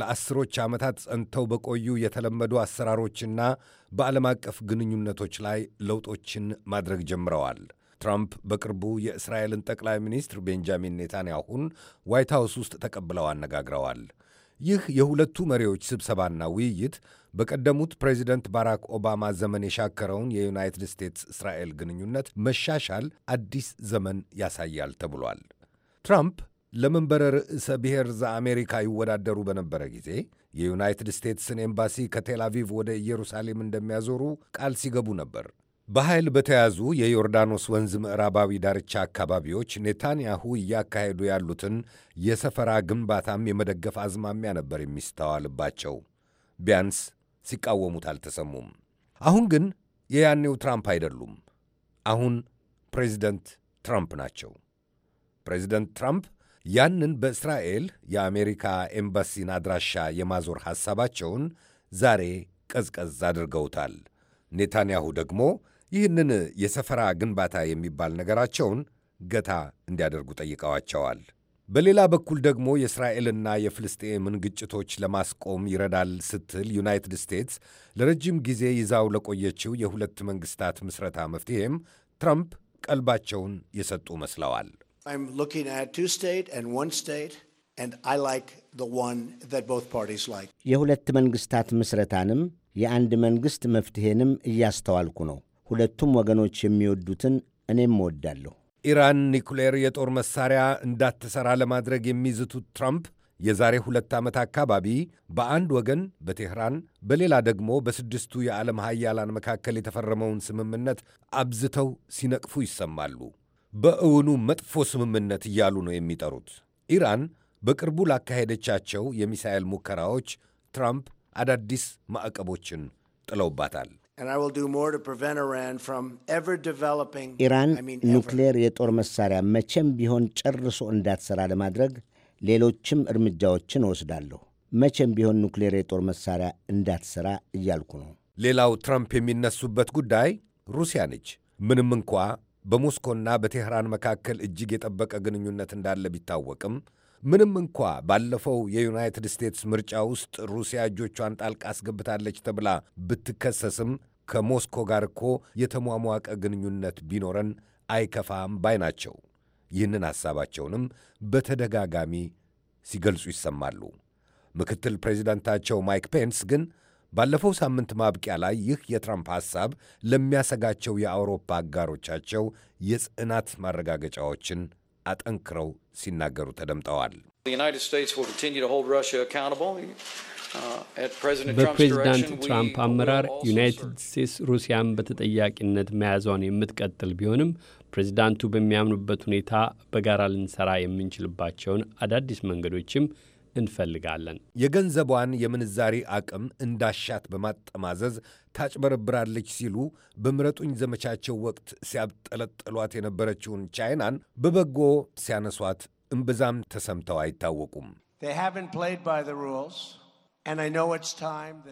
ለአስሮች ዓመታት ጸንተው በቆዩ የተለመዱ አሰራሮችና በዓለም አቀፍ ግንኙነቶች ላይ ለውጦችን ማድረግ ጀምረዋል። ትራምፕ በቅርቡ የእስራኤልን ጠቅላይ ሚኒስትር ቤንጃሚን ኔታንያሁን ዋይት ሃውስ ውስጥ ተቀብለው አነጋግረዋል። ይህ የሁለቱ መሪዎች ስብሰባና ውይይት በቀደሙት ፕሬዚደንት ባራክ ኦባማ ዘመን የሻከረውን የዩናይትድ ስቴትስ እስራኤል ግንኙነት መሻሻል አዲስ ዘመን ያሳያል ተብሏል። ትራምፕ ለመንበረ ርዕሰ ብሔር ዘአሜሪካ ይወዳደሩ በነበረ ጊዜ የዩናይትድ ስቴትስን ኤምባሲ ከቴል አቪቭ ወደ ኢየሩሳሌም እንደሚያዞሩ ቃል ሲገቡ ነበር። በኃይል በተያዙ የዮርዳኖስ ወንዝ ምዕራባዊ ዳርቻ አካባቢዎች ኔታንያሁ እያካሄዱ ያሉትን የሰፈራ ግንባታም የመደገፍ አዝማሚያ ነበር የሚስተዋልባቸው። ቢያንስ ሲቃወሙት አልተሰሙም። አሁን ግን የያኔው ትራምፕ አይደሉም። አሁን ፕሬዚደንት ትራምፕ ናቸው። ፕሬዚደንት ትራምፕ ያንን በእስራኤል የአሜሪካ ኤምባሲን አድራሻ የማዞር ሐሳባቸውን ዛሬ ቀዝቀዝ አድርገውታል። ኔታንያሁ ደግሞ ይህንን የሰፈራ ግንባታ የሚባል ነገራቸውን ገታ እንዲያደርጉ ጠይቀዋቸዋል። በሌላ በኩል ደግሞ የእስራኤልና የፍልስጤምን ግጭቶች ለማስቆም ይረዳል ስትል ዩናይትድ ስቴትስ ለረጅም ጊዜ ይዛው ለቆየችው የሁለት መንግስታት ምስረታ መፍትሄም ትራምፕ ቀልባቸውን የሰጡ መስለዋል። የሁለት መንግስታት ምስረታንም የአንድ መንግስት መፍትሄንም እያስተዋልኩ ነው። ሁለቱም ወገኖች የሚወዱትን እኔም እወዳለሁ። ኢራን ኒኩሌር የጦር መሳሪያ እንዳትሠራ ለማድረግ የሚዝቱት ትራምፕ የዛሬ ሁለት ዓመት አካባቢ በአንድ ወገን በቴህራን በሌላ ደግሞ በስድስቱ የዓለም ሀያላን መካከል የተፈረመውን ስምምነት አብዝተው ሲነቅፉ ይሰማሉ። በእውኑ መጥፎ ስምምነት እያሉ ነው የሚጠሩት። ኢራን በቅርቡ ላካሄደቻቸው የሚሳኤል ሙከራዎች ትራምፕ አዳዲስ ማዕቀቦችን ጥለውባታል። ኢራን ኑክሌር የጦር መሳሪያ መቼም ቢሆን ጨርሶ እንዳትሰራ ለማድረግ ሌሎችም እርምጃዎችን እወስዳለሁ። መቼም ቢሆን ኑክሌር የጦር መሳሪያ እንዳትሰራ እያልኩ ነው። ሌላው ትራምፕ የሚነሱበት ጉዳይ ሩሲያ ነች። ምንም እንኳ በሞስኮና በቴህራን መካከል እጅግ የጠበቀ ግንኙነት እንዳለ ቢታወቅም ምንም እንኳ ባለፈው የዩናይትድ ስቴትስ ምርጫ ውስጥ ሩሲያ እጆቿን ጣልቃ አስገብታለች ተብላ ብትከሰስም ከሞስኮ ጋር እኮ የተሟሟቀ ግንኙነት ቢኖረን አይከፋም ባይ ናቸው። ይህንን ሐሳባቸውንም በተደጋጋሚ ሲገልጹ ይሰማሉ። ምክትል ፕሬዚዳንታቸው ማይክ ፔንስ ግን ባለፈው ሳምንት ማብቂያ ላይ ይህ የትራምፕ ሐሳብ ለሚያሰጋቸው የአውሮፓ አጋሮቻቸው የጽዕናት ማረጋገጫዎችን አጠንክረው ሲናገሩ ተደምጠዋል። uh, በፕሬዚዳንት ትራምፕ አመራር ዩናይትድ ስቴትስ ሩሲያን በተጠያቂነት መያዟን የምትቀጥል ቢሆንም ፕሬዚዳንቱ በሚያምኑበት ሁኔታ በጋራ ልንሰራ የምንችልባቸውን አዳዲስ መንገዶችም እንፈልጋለን። የገንዘቧን የምንዛሪ አቅም እንዳሻት በማጠማዘዝ ታጭበረብራለች ሲሉ በምረጡኝ ዘመቻቸው ወቅት ሲያብጠለጥሏት የነበረችውን ቻይናን በበጎ ሲያነሷት እምብዛም ተሰምተው አይታወቁም።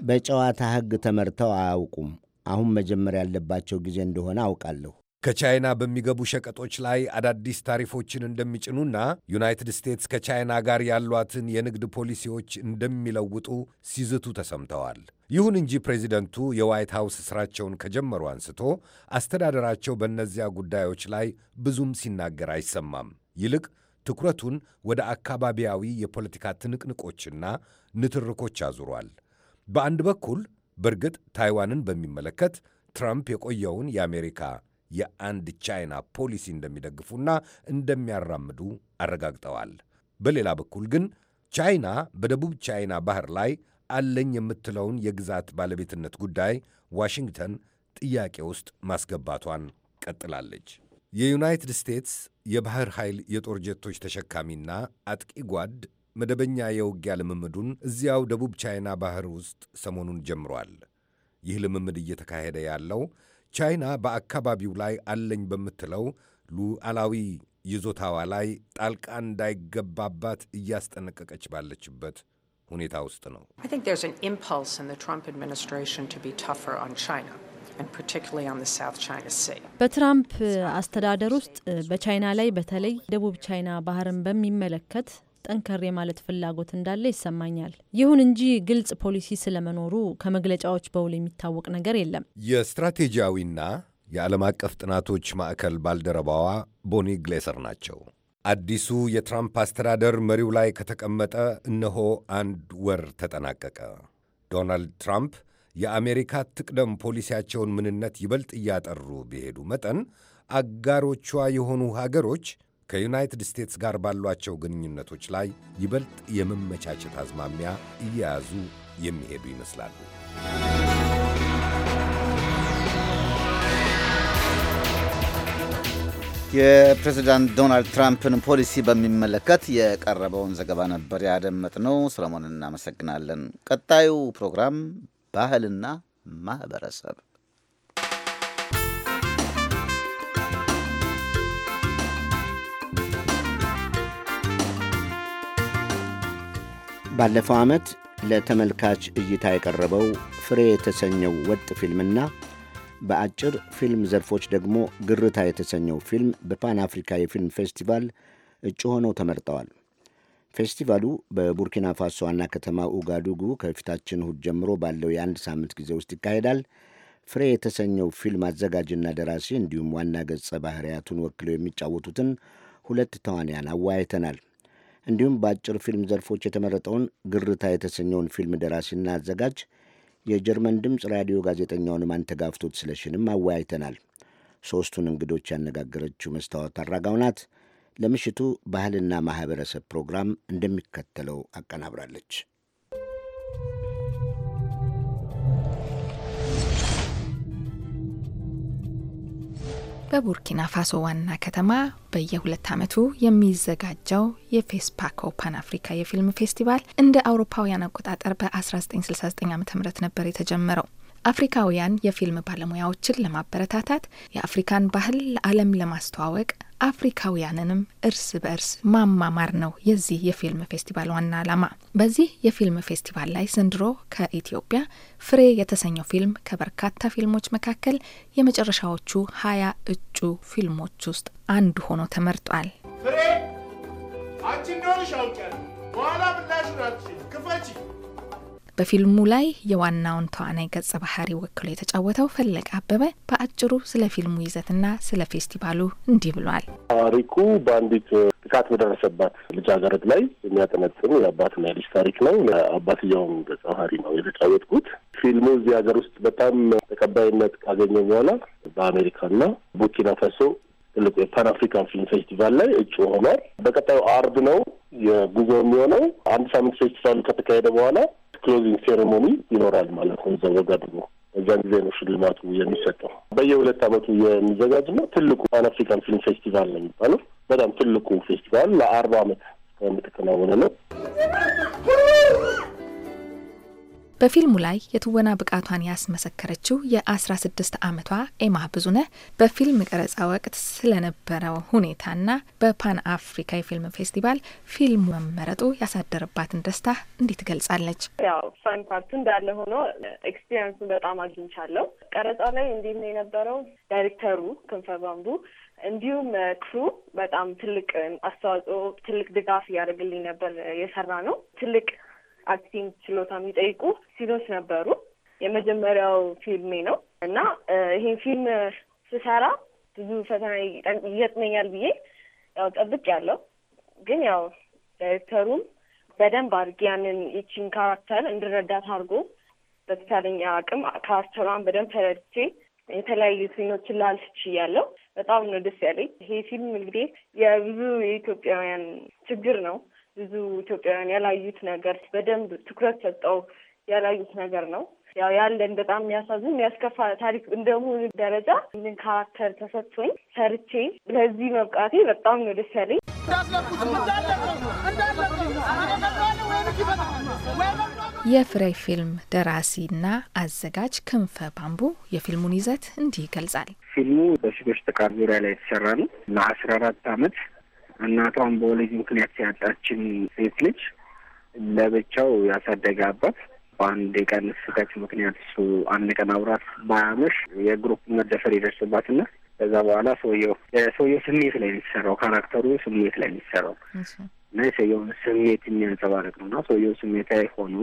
በጨዋታ ሕግ ተመርተው አያውቁም። አሁን መጀመር ያለባቸው ጊዜ እንደሆነ አውቃለሁ። ከቻይና በሚገቡ ሸቀጦች ላይ አዳዲስ ታሪፎችን እንደሚጭኑና ዩናይትድ ስቴትስ ከቻይና ጋር ያሏትን የንግድ ፖሊሲዎች እንደሚለውጡ ሲዝቱ ተሰምተዋል። ይሁን እንጂ ፕሬዚደንቱ የዋይት ሃውስ ስራቸውን ከጀመሩ አንስቶ አስተዳደራቸው በእነዚያ ጉዳዮች ላይ ብዙም ሲናገር አይሰማም። ይልቅ ትኩረቱን ወደ አካባቢያዊ የፖለቲካ ትንቅንቆችና ንትርኮች አዙሯል። በአንድ በኩል በእርግጥ ታይዋንን በሚመለከት ትራምፕ የቆየውን የአሜሪካ የአንድ ቻይና ፖሊሲ እንደሚደግፉና እንደሚያራምዱ አረጋግጠዋል። በሌላ በኩል ግን ቻይና በደቡብ ቻይና ባህር ላይ አለኝ የምትለውን የግዛት ባለቤትነት ጉዳይ ዋሽንግተን ጥያቄ ውስጥ ማስገባቷን ቀጥላለች። የዩናይትድ ስቴትስ የባህር ኃይል የጦር ጀቶች ተሸካሚና አጥቂ ጓድ መደበኛ የውጊያ ልምምዱን እዚያው ደቡብ ቻይና ባህር ውስጥ ሰሞኑን ጀምሯል። ይህ ልምምድ እየተካሄደ ያለው ቻይና በአካባቢው ላይ አለኝ በምትለው ሉዓላዊ ይዞታዋ ላይ ጣልቃ እንዳይገባባት እያስጠነቀቀች ባለችበት ሁኔታ ውስጥ ነው። በትራምፕ አስተዳደር ውስጥ በቻይና ላይ በተለይ ደቡብ ቻይና ባህርን በሚመለከት ጠንከሬ የማለት ፍላጎት እንዳለ ይሰማኛል። ይሁን እንጂ ግልጽ ፖሊሲ ስለመኖሩ ከመግለጫዎች በውል የሚታወቅ ነገር የለም። የስትራቴጂያዊና የዓለም አቀፍ ጥናቶች ማዕከል ባልደረባዋ ቦኒ ግሌሰር ናቸው። አዲሱ የትራምፕ አስተዳደር መሪው ላይ ከተቀመጠ እነሆ አንድ ወር ተጠናቀቀ። ዶናልድ ትራምፕ የአሜሪካ ትቅደም ፖሊሲያቸውን ምንነት ይበልጥ እያጠሩ ቢሄዱ መጠን አጋሮቿ የሆኑ ሀገሮች ከዩናይትድ ስቴትስ ጋር ባሏቸው ግንኙነቶች ላይ ይበልጥ የመመቻቸት አዝማሚያ እየያዙ የሚሄዱ ይመስላሉ። የፕሬዚዳንት ዶናልድ ትራምፕን ፖሊሲ በሚመለከት የቀረበውን ዘገባ ነበር ያደመጥነው። ሰለሞን እናመሰግናለን። ቀጣዩ ፕሮግራም ባህልና ማህበረሰብ ባለፈው ዓመት ለተመልካች እይታ የቀረበው ፍሬ የተሰኘው ወጥ ፊልምና በአጭር ፊልም ዘርፎች ደግሞ ግርታ የተሰኘው ፊልም በፓን አፍሪካ የፊልም ፌስቲቫል እጩ ሆነው ተመርጠዋል። ፌስቲቫሉ በቡርኪና ፋሶ ዋና ከተማ ኡጋዱጉ ከፊታችን እሁድ ጀምሮ ባለው የአንድ ሳምንት ጊዜ ውስጥ ይካሄዳል። ፍሬ የተሰኘው ፊልም አዘጋጅና ደራሲ እንዲሁም ዋና ገጸ ባህርያቱን ወክለው የሚጫወቱትን ሁለት ተዋንያን አወያይተናል። እንዲሁም በአጭር ፊልም ዘርፎች የተመረጠውን ግርታ የተሰኘውን ፊልም ደራሲና አዘጋጅ የጀርመን ድምፅ ራዲዮ ጋዜጠኛውን ማንተጋፍቶት ስለሽንም አወያይተናል። ሦስቱን እንግዶች ያነጋገረችው መስታወት አራጋው ናት። ለምሽቱ ባህልና ማኅበረሰብ ፕሮግራም እንደሚከተለው አቀናብራለች። በቡርኪና ፋሶ ዋና ከተማ በየሁለት ዓመቱ የሚዘጋጀው የፌስፓኮ ፓን አፍሪካ የፊልም ፌስቲቫል እንደ አውሮፓውያን አቆጣጠር በ1969 ዓ ም ነበር የተጀመረው። አፍሪካውያን የፊልም ባለሙያዎችን ለማበረታታት የአፍሪካን ባህል ለዓለም ለማስተዋወቅ አፍሪካውያንንም እርስ በእርስ ማማማር ነው የዚህ የፊልም ፌስቲቫል ዋና ዓላማ። በዚህ የፊልም ፌስቲቫል ላይ ዘንድሮ ከኢትዮጵያ ፍሬ የተሰኘው ፊልም ከበርካታ ፊልሞች መካከል የመጨረሻዎቹ ሀያ እጩ ፊልሞች ውስጥ አንዱ ሆኖ ተመርጧል። ፍሬ አንቺ እንደሆንሽ አውቄያለሁ። በኋላ ብላሽ ናት ክፈች በፊልሙ ላይ የዋናውን ተዋናይ ገጸ ባህሪ ወክሎ የተጫወተው ፈለቅ አበበ በአጭሩ ስለ ፊልሙ ይዘትና ስለ ፌስቲቫሉ እንዲህ ብሏል። ታሪኩ በአንዲት ጥቃት በደረሰባት ልጃገረድ ላይ የሚያጠነጥን የአባትና የልጅ ታሪክ ነው። አባትየውን ገጸ ባህሪ ነው የተጫወትኩት። ፊልሙ እዚህ ሀገር ውስጥ በጣም ተቀባይነት ካገኘ በኋላ በአሜሪካና ቡርኪና ፋሶ ትልቁ የፓን አፍሪካን ፊልም ፌስቲቫል ላይ እጩ ሆኗል። በቀጣዩ አርብ ነው የጉዞ የሚሆነው። አንድ ሳምንት ፌስቲቫሉ ከተካሄደ በኋላ ክሎዚንግ ሴሬሞኒ ይኖራል ማለት ነው። እዛ ደግሞ እዚያን ጊዜ ነው ሽልማቱ የሚሰጠው። በየሁለት ዓመቱ የሚዘጋጅ ነው። ትልቁ ፓን አፍሪካን ፊልም ፌስቲቫል ነው የሚባለው። በጣም ትልቁ ፌስቲቫል ለአርባ ዓመት የምትከናወነ ነው። በፊልሙ ላይ የትወና ብቃቷን ያስመሰከረችው የ16 ዓመቷ ኤማ ብዙነ በፊልም ቀረጻ ወቅት ስለነበረው ሁኔታና በፓን አፍሪካ የፊልም ፌስቲቫል ፊልሙ መመረጡ ያሳደረባትን ደስታ እንዲህ ትገልጻለች። ያው ፋን ፓርቱ እንዳለ ሆኖ ኤክስፒሪንሱን በጣም አግኝቻለሁ። ቀረጻው ላይ እንዲህ ነው የነበረው። ዳይሬክተሩ ክንፈ እንዲሁም ክሩ በጣም ትልቅ አስተዋጽኦ፣ ትልቅ ድጋፍ እያደረግልኝ ነበር። የሰራ ነው ትልቅ አክቲንግ ችሎታ የሚጠይቁ ሲሎች ነበሩ። የመጀመሪያው ፊልሜ ነው እና ይሄን ፊልም ስሰራ ብዙ ፈተና ይገጥመኛል ብዬ ያው ጠብቅ ያለው ግን ያው ዳይሬክተሩም በደንብ አድርጌ ያንን ይቺን ካራክተር እንድረዳት አድርጎ በተቻለኝ አቅም ካራክተሯን በደንብ ተረድቼ የተለያዩ ፊልሞችን ላልፍ ያለው በጣም ነው ደስ ያለኝ። ይሄ ፊልም እንግዲህ የብዙ የኢትዮጵያውያን ችግር ነው። ብዙ ኢትዮጵያውያን ያላዩት ነገር በደንብ ትኩረት ሰጠው ያላዩት ነገር ነው። ያው ያለን በጣም የሚያሳዝን የሚያስከፋ ታሪክ እንደመሆኑ ደረጃ ምን ካራክተር ተሰጥቶኝ ሰርቼ ለዚህ መብቃቴ በጣም ነው ደስ ያለኝ። የፍሬ ፊልም ደራሲና አዘጋጅ ክንፈ ባምቡ የፊልሙን ይዘት እንዲህ ይገልጻል። ፊልሙ በሴቶች ጥቃት ዙሪያ ላይ የተሰራ ነው። ለአስራ አራት አመት እናቷን በወሊድ ምክንያት ሲያጣችን ሴት ልጅ ለብቻው ያሳደገ አባት በአንድ የቀን ስህተት ምክንያት እሱ አንድ ቀን አብራት ባያመሽ የግሩፕ መደፈር ይደርስባትና ከዛ በኋላ ሰውየው ሰውየው ስሜት ላይ የሚሰራው ካራክተሩ ስሜት ላይ የሚሰራው እና የሰውየውን ስሜት የሚያንጸባረቅ ነው እና ሰውየው ስሜታዊ ሆኑ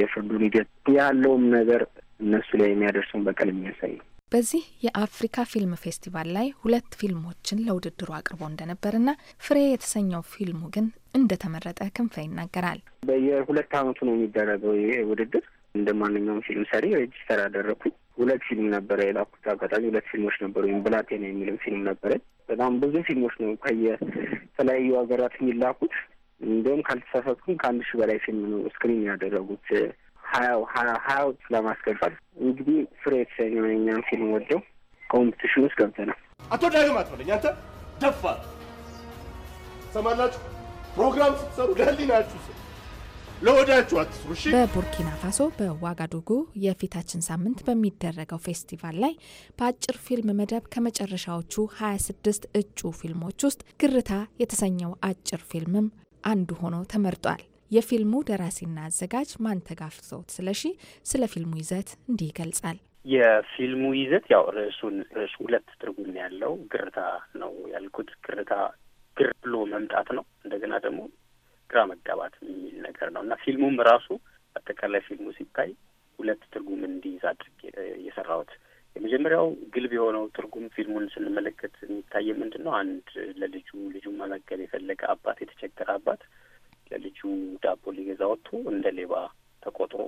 የፍርዱን ሂደት ያለውም ነገር እነሱ ላይ የሚያደርሰውን በቀል የሚያሳይ ነው። በዚህ የአፍሪካ ፊልም ፌስቲቫል ላይ ሁለት ፊልሞችን ለውድድሩ አቅርቦ እንደነበርና ፍሬ የተሰኘው ፊልሙ ግን እንደተመረጠ ክንፈ ይናገራል። በየሁለት አመቱ ነው የሚደረገው ይሄ ውድድር። እንደ ማንኛውም ፊልም ሰሪ ሬጅስተር አደረግኩኝ። ሁለት ፊልም ነበረ የላኩት። አጋጣሚ ሁለት ፊልሞች ነበሩ። ወይም ብላቴና የሚልም ፊልም ነበረ። በጣም ብዙ ፊልሞች ነው ከየተለያዩ ሀገራት የሚላኩት። እንዲሁም ካልተሳሳትኩም ከአንድ ሺህ በላይ ፊልም ነው ስክሪን ያደረጉት ሀያው ሀያ ሀያው ለማስገባት እንግዲህ ፍሬ የተሰኘው የእኛን ፊልም ወደው ኮምፒቲሽን ውስጥ ገብተናል። አቶ ዳግም አትበለኝ አንተ ደፋ ሰማላችሁ። ፕሮግራም ስትሰሩ ለህሊናችሁ ስ ለወዳችሁ አትስሩ እሺ። በቡርኪና ፋሶ በዋጋዱጉ የፊታችን ሳምንት በሚደረገው ፌስቲቫል ላይ በአጭር ፊልም መደብ ከመጨረሻዎቹ 26 እጩ ፊልሞች ውስጥ ግርታ የተሰኘው አጭር ፊልምም አንዱ ሆኖ ተመርጧል። የፊልሙ ደራሲና አዘጋጅ ተጋፍዘውት ስለሺ ስለ ፊልሙ ይዘት እንዲህ ይገልጻል። የፊልሙ ይዘት ያው ርዕሱን ርዕሱ ሁለት ትርጉም ያለው ግርታ ነው ያልኩት። ግርታ ግር ብሎ መምጣት ነው። እንደገና ደግሞ ግራ መጋባት የሚል ነገር ነው እና ፊልሙም ራሱ አጠቃላይ ፊልሙ ሲታይ ሁለት ትርጉም እንዲይዝ አድርጌ የሰራሁት የመጀመሪያው ግልብ የሆነው ትርጉም ፊልሙን ስንመለከት የሚታየ ምንድን ነው? አንድ ለልጁ ልጁ መመገብ የፈለገ አባት፣ የተቸገረ አባት ለልጁ ዳቦ ሊገዛ ወጥቶ እንደ ሌባ ተቆጥሮ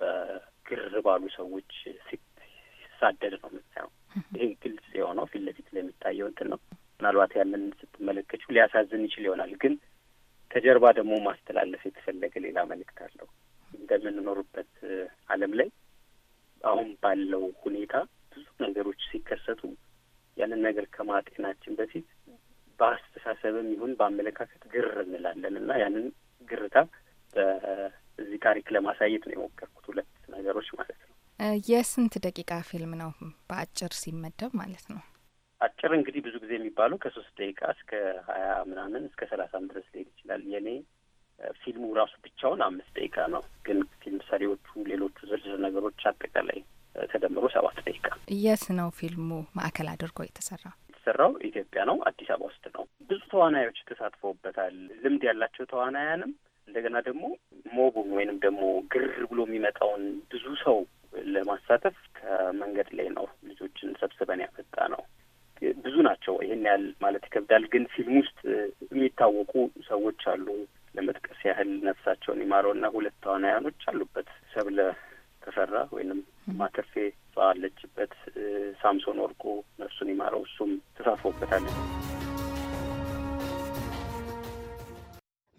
በግር ባሉ ሰዎች ሲሳደድ ነው የምናየው። ይሄ ግልጽ የሆነው ፊት ለፊት ለሚታየው እንትን ነው። ምናልባት ያንን ስትመለከቱ ሊያሳዝን ይችል ይሆናል፣ ግን ከጀርባ ደግሞ ማስተላለፍ የተፈለገ ሌላ መልእክት አለው። እንደምንኖርበት ዓለም ላይ አሁን ባለው ሁኔታ ብዙ ነገሮች ሲከሰቱ ያንን ነገር ከማጤናችን በፊት በአስተሳሰብም ይሁን በአመለካከት ግር እንላለን እና ያንን ግርታ በዚህ ታሪክ ለማሳየት ነው የሞከርኩት። ሁለት ነገሮች ማለት ነው። የስንት ደቂቃ ፊልም ነው በአጭር ሲመደብ ማለት ነው? አጭር እንግዲህ ብዙ ጊዜ የሚባለው ከሶስት ደቂቃ እስከ ሀያ ምናምን እስከ ሰላሳም ድረስ ሊሄድ ይችላል። የኔ ፊልሙ ራሱ ብቻውን አምስት ደቂቃ ነው። ግን ፊልም ሰሪዎቹ ሌሎቹ ዝርዝር ነገሮች አጠቃላይ ተደምሮ ሰባት ደቂቃ። የት ነው ፊልሙ ማዕከል አድርጎ የተሰራ? የተሰራው ኢትዮጵያ ነው፣ አዲስ አበባ ውስጥ ነው። ብዙ ተዋናዮች ተሳትፎበታል። ልምድ ያላቸው ተዋናያንም እንደገና ደግሞ ሞቡን ወይንም ደግሞ ግር ብሎ የሚመጣውን ብዙ ሰው ለማሳተፍ ከመንገድ ላይ ነው ልጆችን ሰብስበን ያመጣ ነው። ብዙ ናቸው። ይህን ያህል ማለት ይከብዳል። ግን ፊልም ውስጥ የሚታወቁ ሰዎች አሉ። ለመጥቀስ ያህል ነፍሳቸውን ይማረውና ሁለት ተዋናያኖች አሉበት ሰብለ ተሰራ ወይንም ማተርፌ ባለችበት ሳምሶን ወርቁ ነፍሱን ይማረው እሱም ተሳትፎበታል።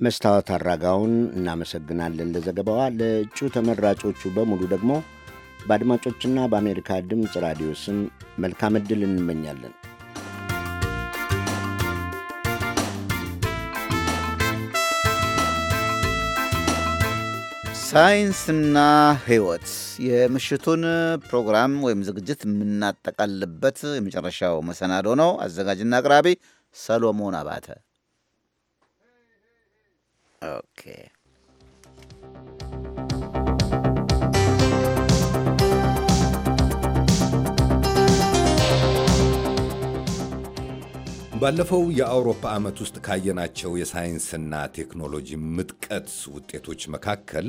መስታወት አራጋውን እናመሰግናለን ለዘገባዋ። ለእጩ ተመራጮቹ በሙሉ ደግሞ በአድማጮችና በአሜሪካ ድምፅ ራዲዮ ስም መልካም ዕድል እንመኛለን። ሳይንስና ሕይወት የምሽቱን ፕሮግራም ወይም ዝግጅት የምናጠቃልበት የመጨረሻው መሰናዶ ነው። አዘጋጅና አቅራቢ ሰሎሞን አባተ ኦኬ ባለፈው የአውሮፓ ዓመት ውስጥ ካየናቸው የሳይንስና ቴክኖሎጂ ምጥቀት ውጤቶች መካከል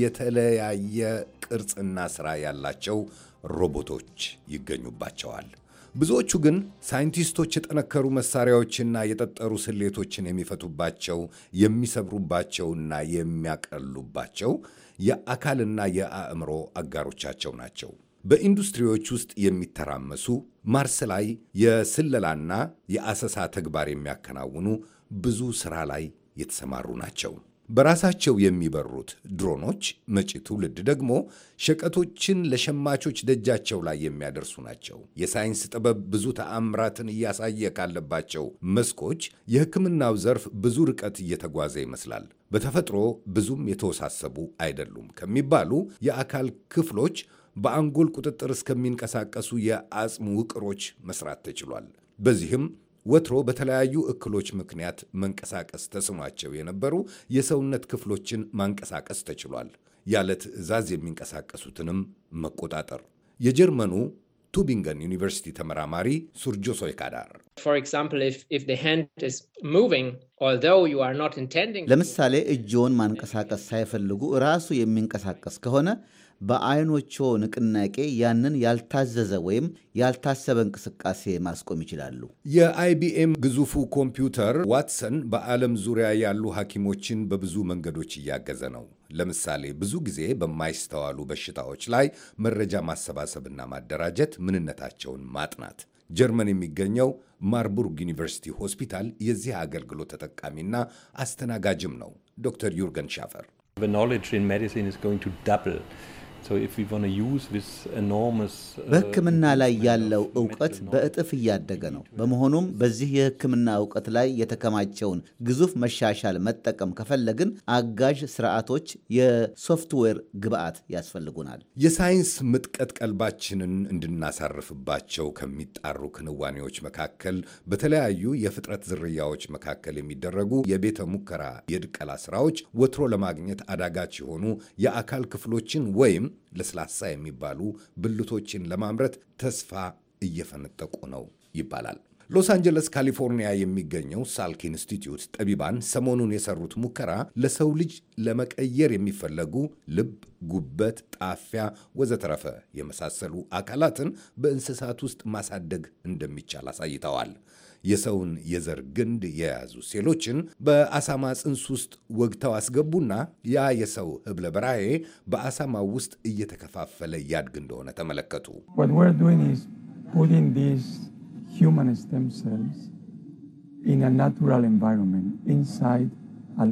የተለያየ ቅርጽና ሥራ ያላቸው ሮቦቶች ይገኙባቸዋል። ብዙዎቹ ግን ሳይንቲስቶች የጠነከሩ መሳሪያዎችና የጠጠሩ ስሌቶችን የሚፈቱባቸው፣ የሚሰብሩባቸውና የሚያቀሉባቸው የአካልና የአእምሮ አጋሮቻቸው ናቸው። በኢንዱስትሪዎች ውስጥ የሚተራመሱ ማርስ ላይ የስለላና የአሰሳ ተግባር የሚያከናውኑ ብዙ ሥራ ላይ የተሰማሩ ናቸው። በራሳቸው የሚበሩት ድሮኖች መጪ ትውልድ ደግሞ ሸቀቶችን ለሸማቾች ደጃቸው ላይ የሚያደርሱ ናቸው። የሳይንስ ጥበብ ብዙ ተአምራትን እያሳየ ካለባቸው መስኮች የሕክምናው ዘርፍ ብዙ ርቀት እየተጓዘ ይመስላል። በተፈጥሮ ብዙም የተወሳሰቡ አይደሉም ከሚባሉ የአካል ክፍሎች በአንጎል ቁጥጥር እስከሚንቀሳቀሱ የአጽም ውቅሮች መስራት ተችሏል። በዚህም ወትሮ በተለያዩ እክሎች ምክንያት መንቀሳቀስ ተስኗቸው የነበሩ የሰውነት ክፍሎችን ማንቀሳቀስ ተችሏል። ያለ ትዕዛዝ የሚንቀሳቀሱትንም መቆጣጠር የጀርመኑ ቱቢንገን ዩኒቨርሲቲ ተመራማሪ ሱርጆ ሶይካዳር ለምሳሌ እጅዎን ማንቀሳቀስ ሳይፈልጉ ራሱ የሚንቀሳቀስ ከሆነ በአይኖቾ ንቅናቄ ያንን ያልታዘዘ ወይም ያልታሰበ እንቅስቃሴ ማስቆም ይችላሉ። የአይቢኤም ግዙፉ ኮምፒውተር ዋትሰን በዓለም ዙሪያ ያሉ ሐኪሞችን በብዙ መንገዶች እያገዘ ነው። ለምሳሌ ብዙ ጊዜ በማይስተዋሉ በሽታዎች ላይ መረጃ ማሰባሰብና ማደራጀት፣ ምንነታቸውን ማጥናት ጀርመን የሚገኘው ማርቡርግ ዩኒቨርሲቲ ሆስፒታል የዚህ አገልግሎት ተጠቃሚና አስተናጋጅም ነው። ዶክተር ዩርገን ሻፈር Uh, በሕክምና ላይ ያለው እውቀት በእጥፍ እያደገ ነው። በመሆኑም በዚህ የሕክምና እውቀት ላይ የተከማቸውን ግዙፍ መሻሻል መጠቀም ከፈለግን አጋዥ ስርዓቶች፣ የሶፍትዌር ግብአት ያስፈልጉናል። የሳይንስ ምጥቀት ቀልባችንን እንድናሳርፍባቸው ከሚጣሩ ክንዋኔዎች መካከል በተለያዩ የፍጥረት ዝርያዎች መካከል የሚደረጉ የቤተ ሙከራ የድቀላ ስራዎች ወትሮ ለማግኘት አዳጋች የሆኑ የአካል ክፍሎችን ወይም ለስላሳ የሚባሉ ብልቶችን ለማምረት ተስፋ እየፈነጠቁ ነው ይባላል። ሎስ አንጀለስ ካሊፎርኒያ የሚገኘው ሳልክ ኢንስቲትዩት ጠቢባን ሰሞኑን የሰሩት ሙከራ ለሰው ልጅ ለመቀየር የሚፈለጉ ልብ፣ ጉበት፣ ጣፊያ ወዘተረፈ የመሳሰሉ አካላትን በእንስሳት ውስጥ ማሳደግ እንደሚቻል አሳይተዋል። የሰውን የዘር ግንድ የያዙ ሴሎችን በአሳማ ጽንስ ውስጥ ወግተው አስገቡና ያ የሰው ህብለ በራዬ በአሳማው ውስጥ እየተከፋፈለ ያድግ እንደሆነ ተመለከቱ። in a natural environment inside a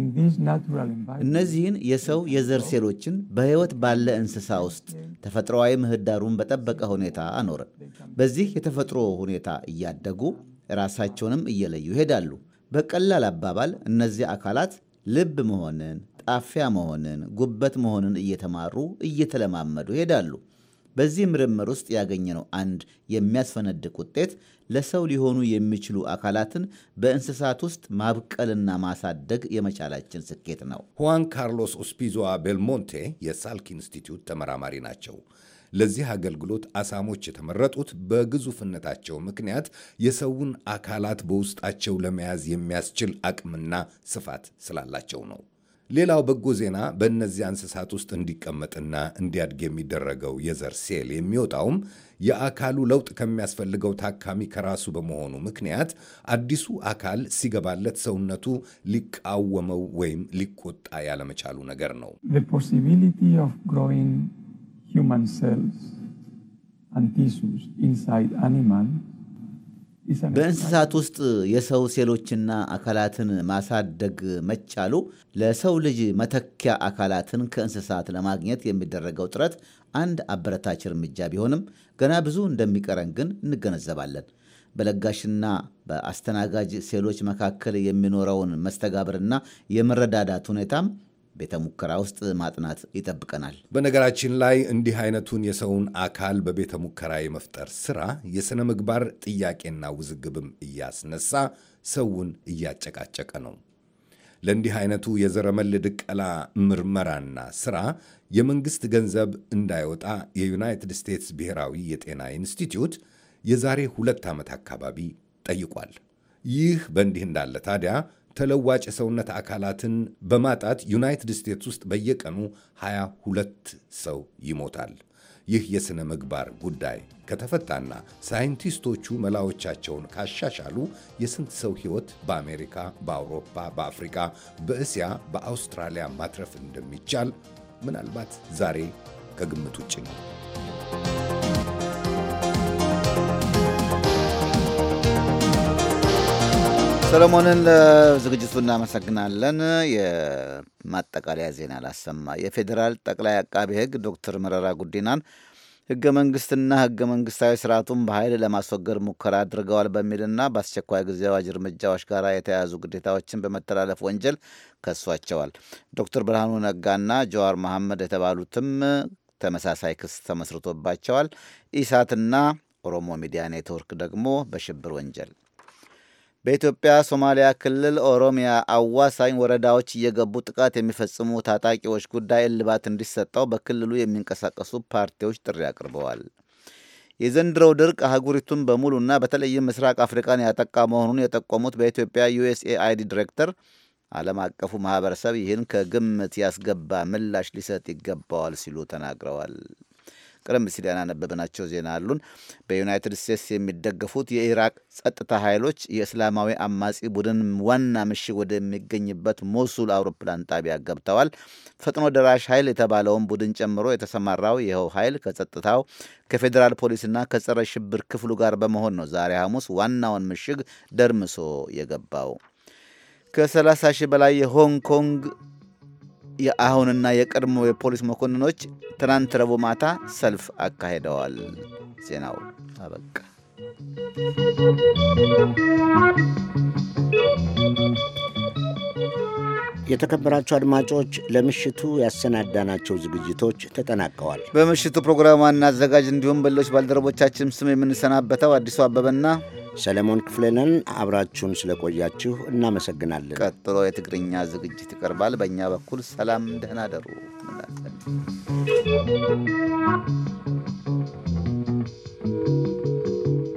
እነዚህን የሰው የዘር ሴሎችን በሕይወት ባለ እንስሳ ውስጥ ተፈጥሯዊ ምህዳሩን በጠበቀ ሁኔታ አኖረ። በዚህ የተፈጥሮ ሁኔታ እያደጉ ራሳቸውንም እየለዩ ይሄዳሉ። በቀላል አባባል እነዚህ አካላት ልብ መሆንን፣ ጣፊያ መሆንን፣ ጉበት መሆንን እየተማሩ እየተለማመዱ ይሄዳሉ። በዚህ ምርምር ውስጥ ያገኘነው አንድ የሚያስፈነድቅ ውጤት ለሰው ሊሆኑ የሚችሉ አካላትን በእንስሳት ውስጥ ማብቀልና ማሳደግ የመቻላችን ስኬት ነው። ሁዋን ካርሎስ ኦስፒዞዋ ቤልሞንቴ የሳልክ ኢንስቲትዩት ተመራማሪ ናቸው። ለዚህ አገልግሎት አሳሞች የተመረጡት በግዙፍነታቸው ምክንያት የሰውን አካላት በውስጣቸው ለመያዝ የሚያስችል አቅምና ስፋት ስላላቸው ነው። ሌላው በጎ ዜና በእነዚህ እንስሳት ውስጥ እንዲቀመጥና እንዲያድግ የሚደረገው የዘር ሴል የሚወጣውም የአካሉ ለውጥ ከሚያስፈልገው ታካሚ ከራሱ በመሆኑ ምክንያት አዲሱ አካል ሲገባለት ሰውነቱ ሊቃወመው ወይም ሊቆጣ ያለመቻሉ ነገር ነው። ሂውማን ሴልስ በእንስሳት ውስጥ የሰው ሴሎችና አካላትን ማሳደግ መቻሉ ለሰው ልጅ መተኪያ አካላትን ከእንስሳት ለማግኘት የሚደረገው ጥረት አንድ አበረታች እርምጃ ቢሆንም ገና ብዙ እንደሚቀረን ግን እንገነዘባለን። በለጋሽና በአስተናጋጅ ሴሎች መካከል የሚኖረውን መስተጋብርና የመረዳዳት ሁኔታም ቤተ ሙከራ ውስጥ ማጥናት ይጠብቀናል። በነገራችን ላይ እንዲህ አይነቱን የሰውን አካል በቤተ ሙከራ የመፍጠር ስራ የሥነ ምግባር ጥያቄና ውዝግብም እያስነሳ ሰውን እያጨቃጨቀ ነው። ለእንዲህ አይነቱ የዘረመል ድቀላ ምርመራና ስራ የመንግሥት ገንዘብ እንዳይወጣ የዩናይትድ ስቴትስ ብሔራዊ የጤና ኢንስቲትዩት የዛሬ ሁለት ዓመት አካባቢ ጠይቋል። ይህ በእንዲህ እንዳለ ታዲያ ተለዋጭ የሰውነት አካላትን በማጣት ዩናይትድ ስቴትስ ውስጥ በየቀኑ 22 ሰው ይሞታል። ይህ የሥነ ምግባር ጉዳይ ከተፈታና ሳይንቲስቶቹ መላዎቻቸውን ካሻሻሉ የስንት ሰው ሕይወት በአሜሪካ፣ በአውሮፓ፣ በአፍሪካ፣ በእስያ፣ በአውስትራሊያ ማትረፍ እንደሚቻል ምናልባት ዛሬ ከግምት ውጭ ነው። ሰለሞንን ለዝግጅቱ እናመሰግናለን። የማጠቃለያ ዜና ላሰማ። የፌዴራል ጠቅላይ አቃቤ ሕግ ዶክተር መረራ ጉዲናን ህገ መንግስትና ህገ መንግስታዊ ስርዓቱን በኃይል ለማስወገድ ሙከራ አድርገዋል በሚልና በአስቸኳይ ጊዜ አዋጅ እርምጃዎች ጋር የተያያዙ ግዴታዎችን በመተላለፍ ወንጀል ከሷቸዋል። ዶክተር ብርሃኑ ነጋና ጀዋር መሐመድ የተባሉትም ተመሳሳይ ክስ ተመስርቶባቸዋል። ኢሳትና ኦሮሞ ሚዲያ ኔትወርክ ደግሞ በሽብር ወንጀል በኢትዮጵያ ሶማሊያ ክልል ኦሮሚያ አዋሳኝ ወረዳዎች እየገቡ ጥቃት የሚፈጽሙ ታጣቂዎች ጉዳይ እልባት እንዲሰጠው በክልሉ የሚንቀሳቀሱ ፓርቲዎች ጥሪ አቅርበዋል። የዘንድሮው ድርቅ አህጉሪቱን በሙሉና በተለይም ምስራቅ አፍሪካን ያጠቃ መሆኑን የጠቆሙት በኢትዮጵያ ዩኤስኤአይዲ ዲሬክተር ዓለም አቀፉ ማህበረሰብ ይህን ከግምት ያስገባ ምላሽ ሊሰጥ ይገባዋል ሲሉ ተናግረዋል። ቀደም ሲል ያናነበብናቸው ዜና አሉን። በዩናይትድ ስቴትስ የሚደገፉት የኢራቅ ጸጥታ ኃይሎች የእስላማዊ አማጺ ቡድን ዋና ምሽግ ወደሚገኝበት ሞሱል አውሮፕላን ጣቢያ ገብተዋል። ፈጥኖ ደራሽ ኃይል የተባለውን ቡድን ጨምሮ የተሰማራው ይኸው ኃይል ከጸጥታው ከፌዴራል ፖሊስና ከጸረ ሽብር ክፍሉ ጋር በመሆን ነው ዛሬ ሐሙስ ዋናውን ምሽግ ደርምሶ የገባው። ከ30 ሺህ በላይ የሆንግ ኮንግ የአሁንና የቀድሞ የፖሊስ መኮንኖች ትናንት ረቡዕ ማታ ሰልፍ አካሂደዋል። ዜናው አበቃ። የተከበራቸው አድማጮች ለምሽቱ ያሰናዳናቸው ዝግጅቶች ተጠናቀዋል። በምሽቱ ፕሮግራም ዋና አዘጋጅ እንዲሁም በሌሎች ባልደረቦቻችን ስም የምንሰናበተው አዲሱ አበበና ሰለሞን ክፍሌንን አብራችሁን ስለቆያችሁ እናመሰግናለን። ቀጥሎ የትግርኛ ዝግጅት ይቀርባል። በእኛ በኩል ሰላም፣ ደህና ደሩ እንላለን።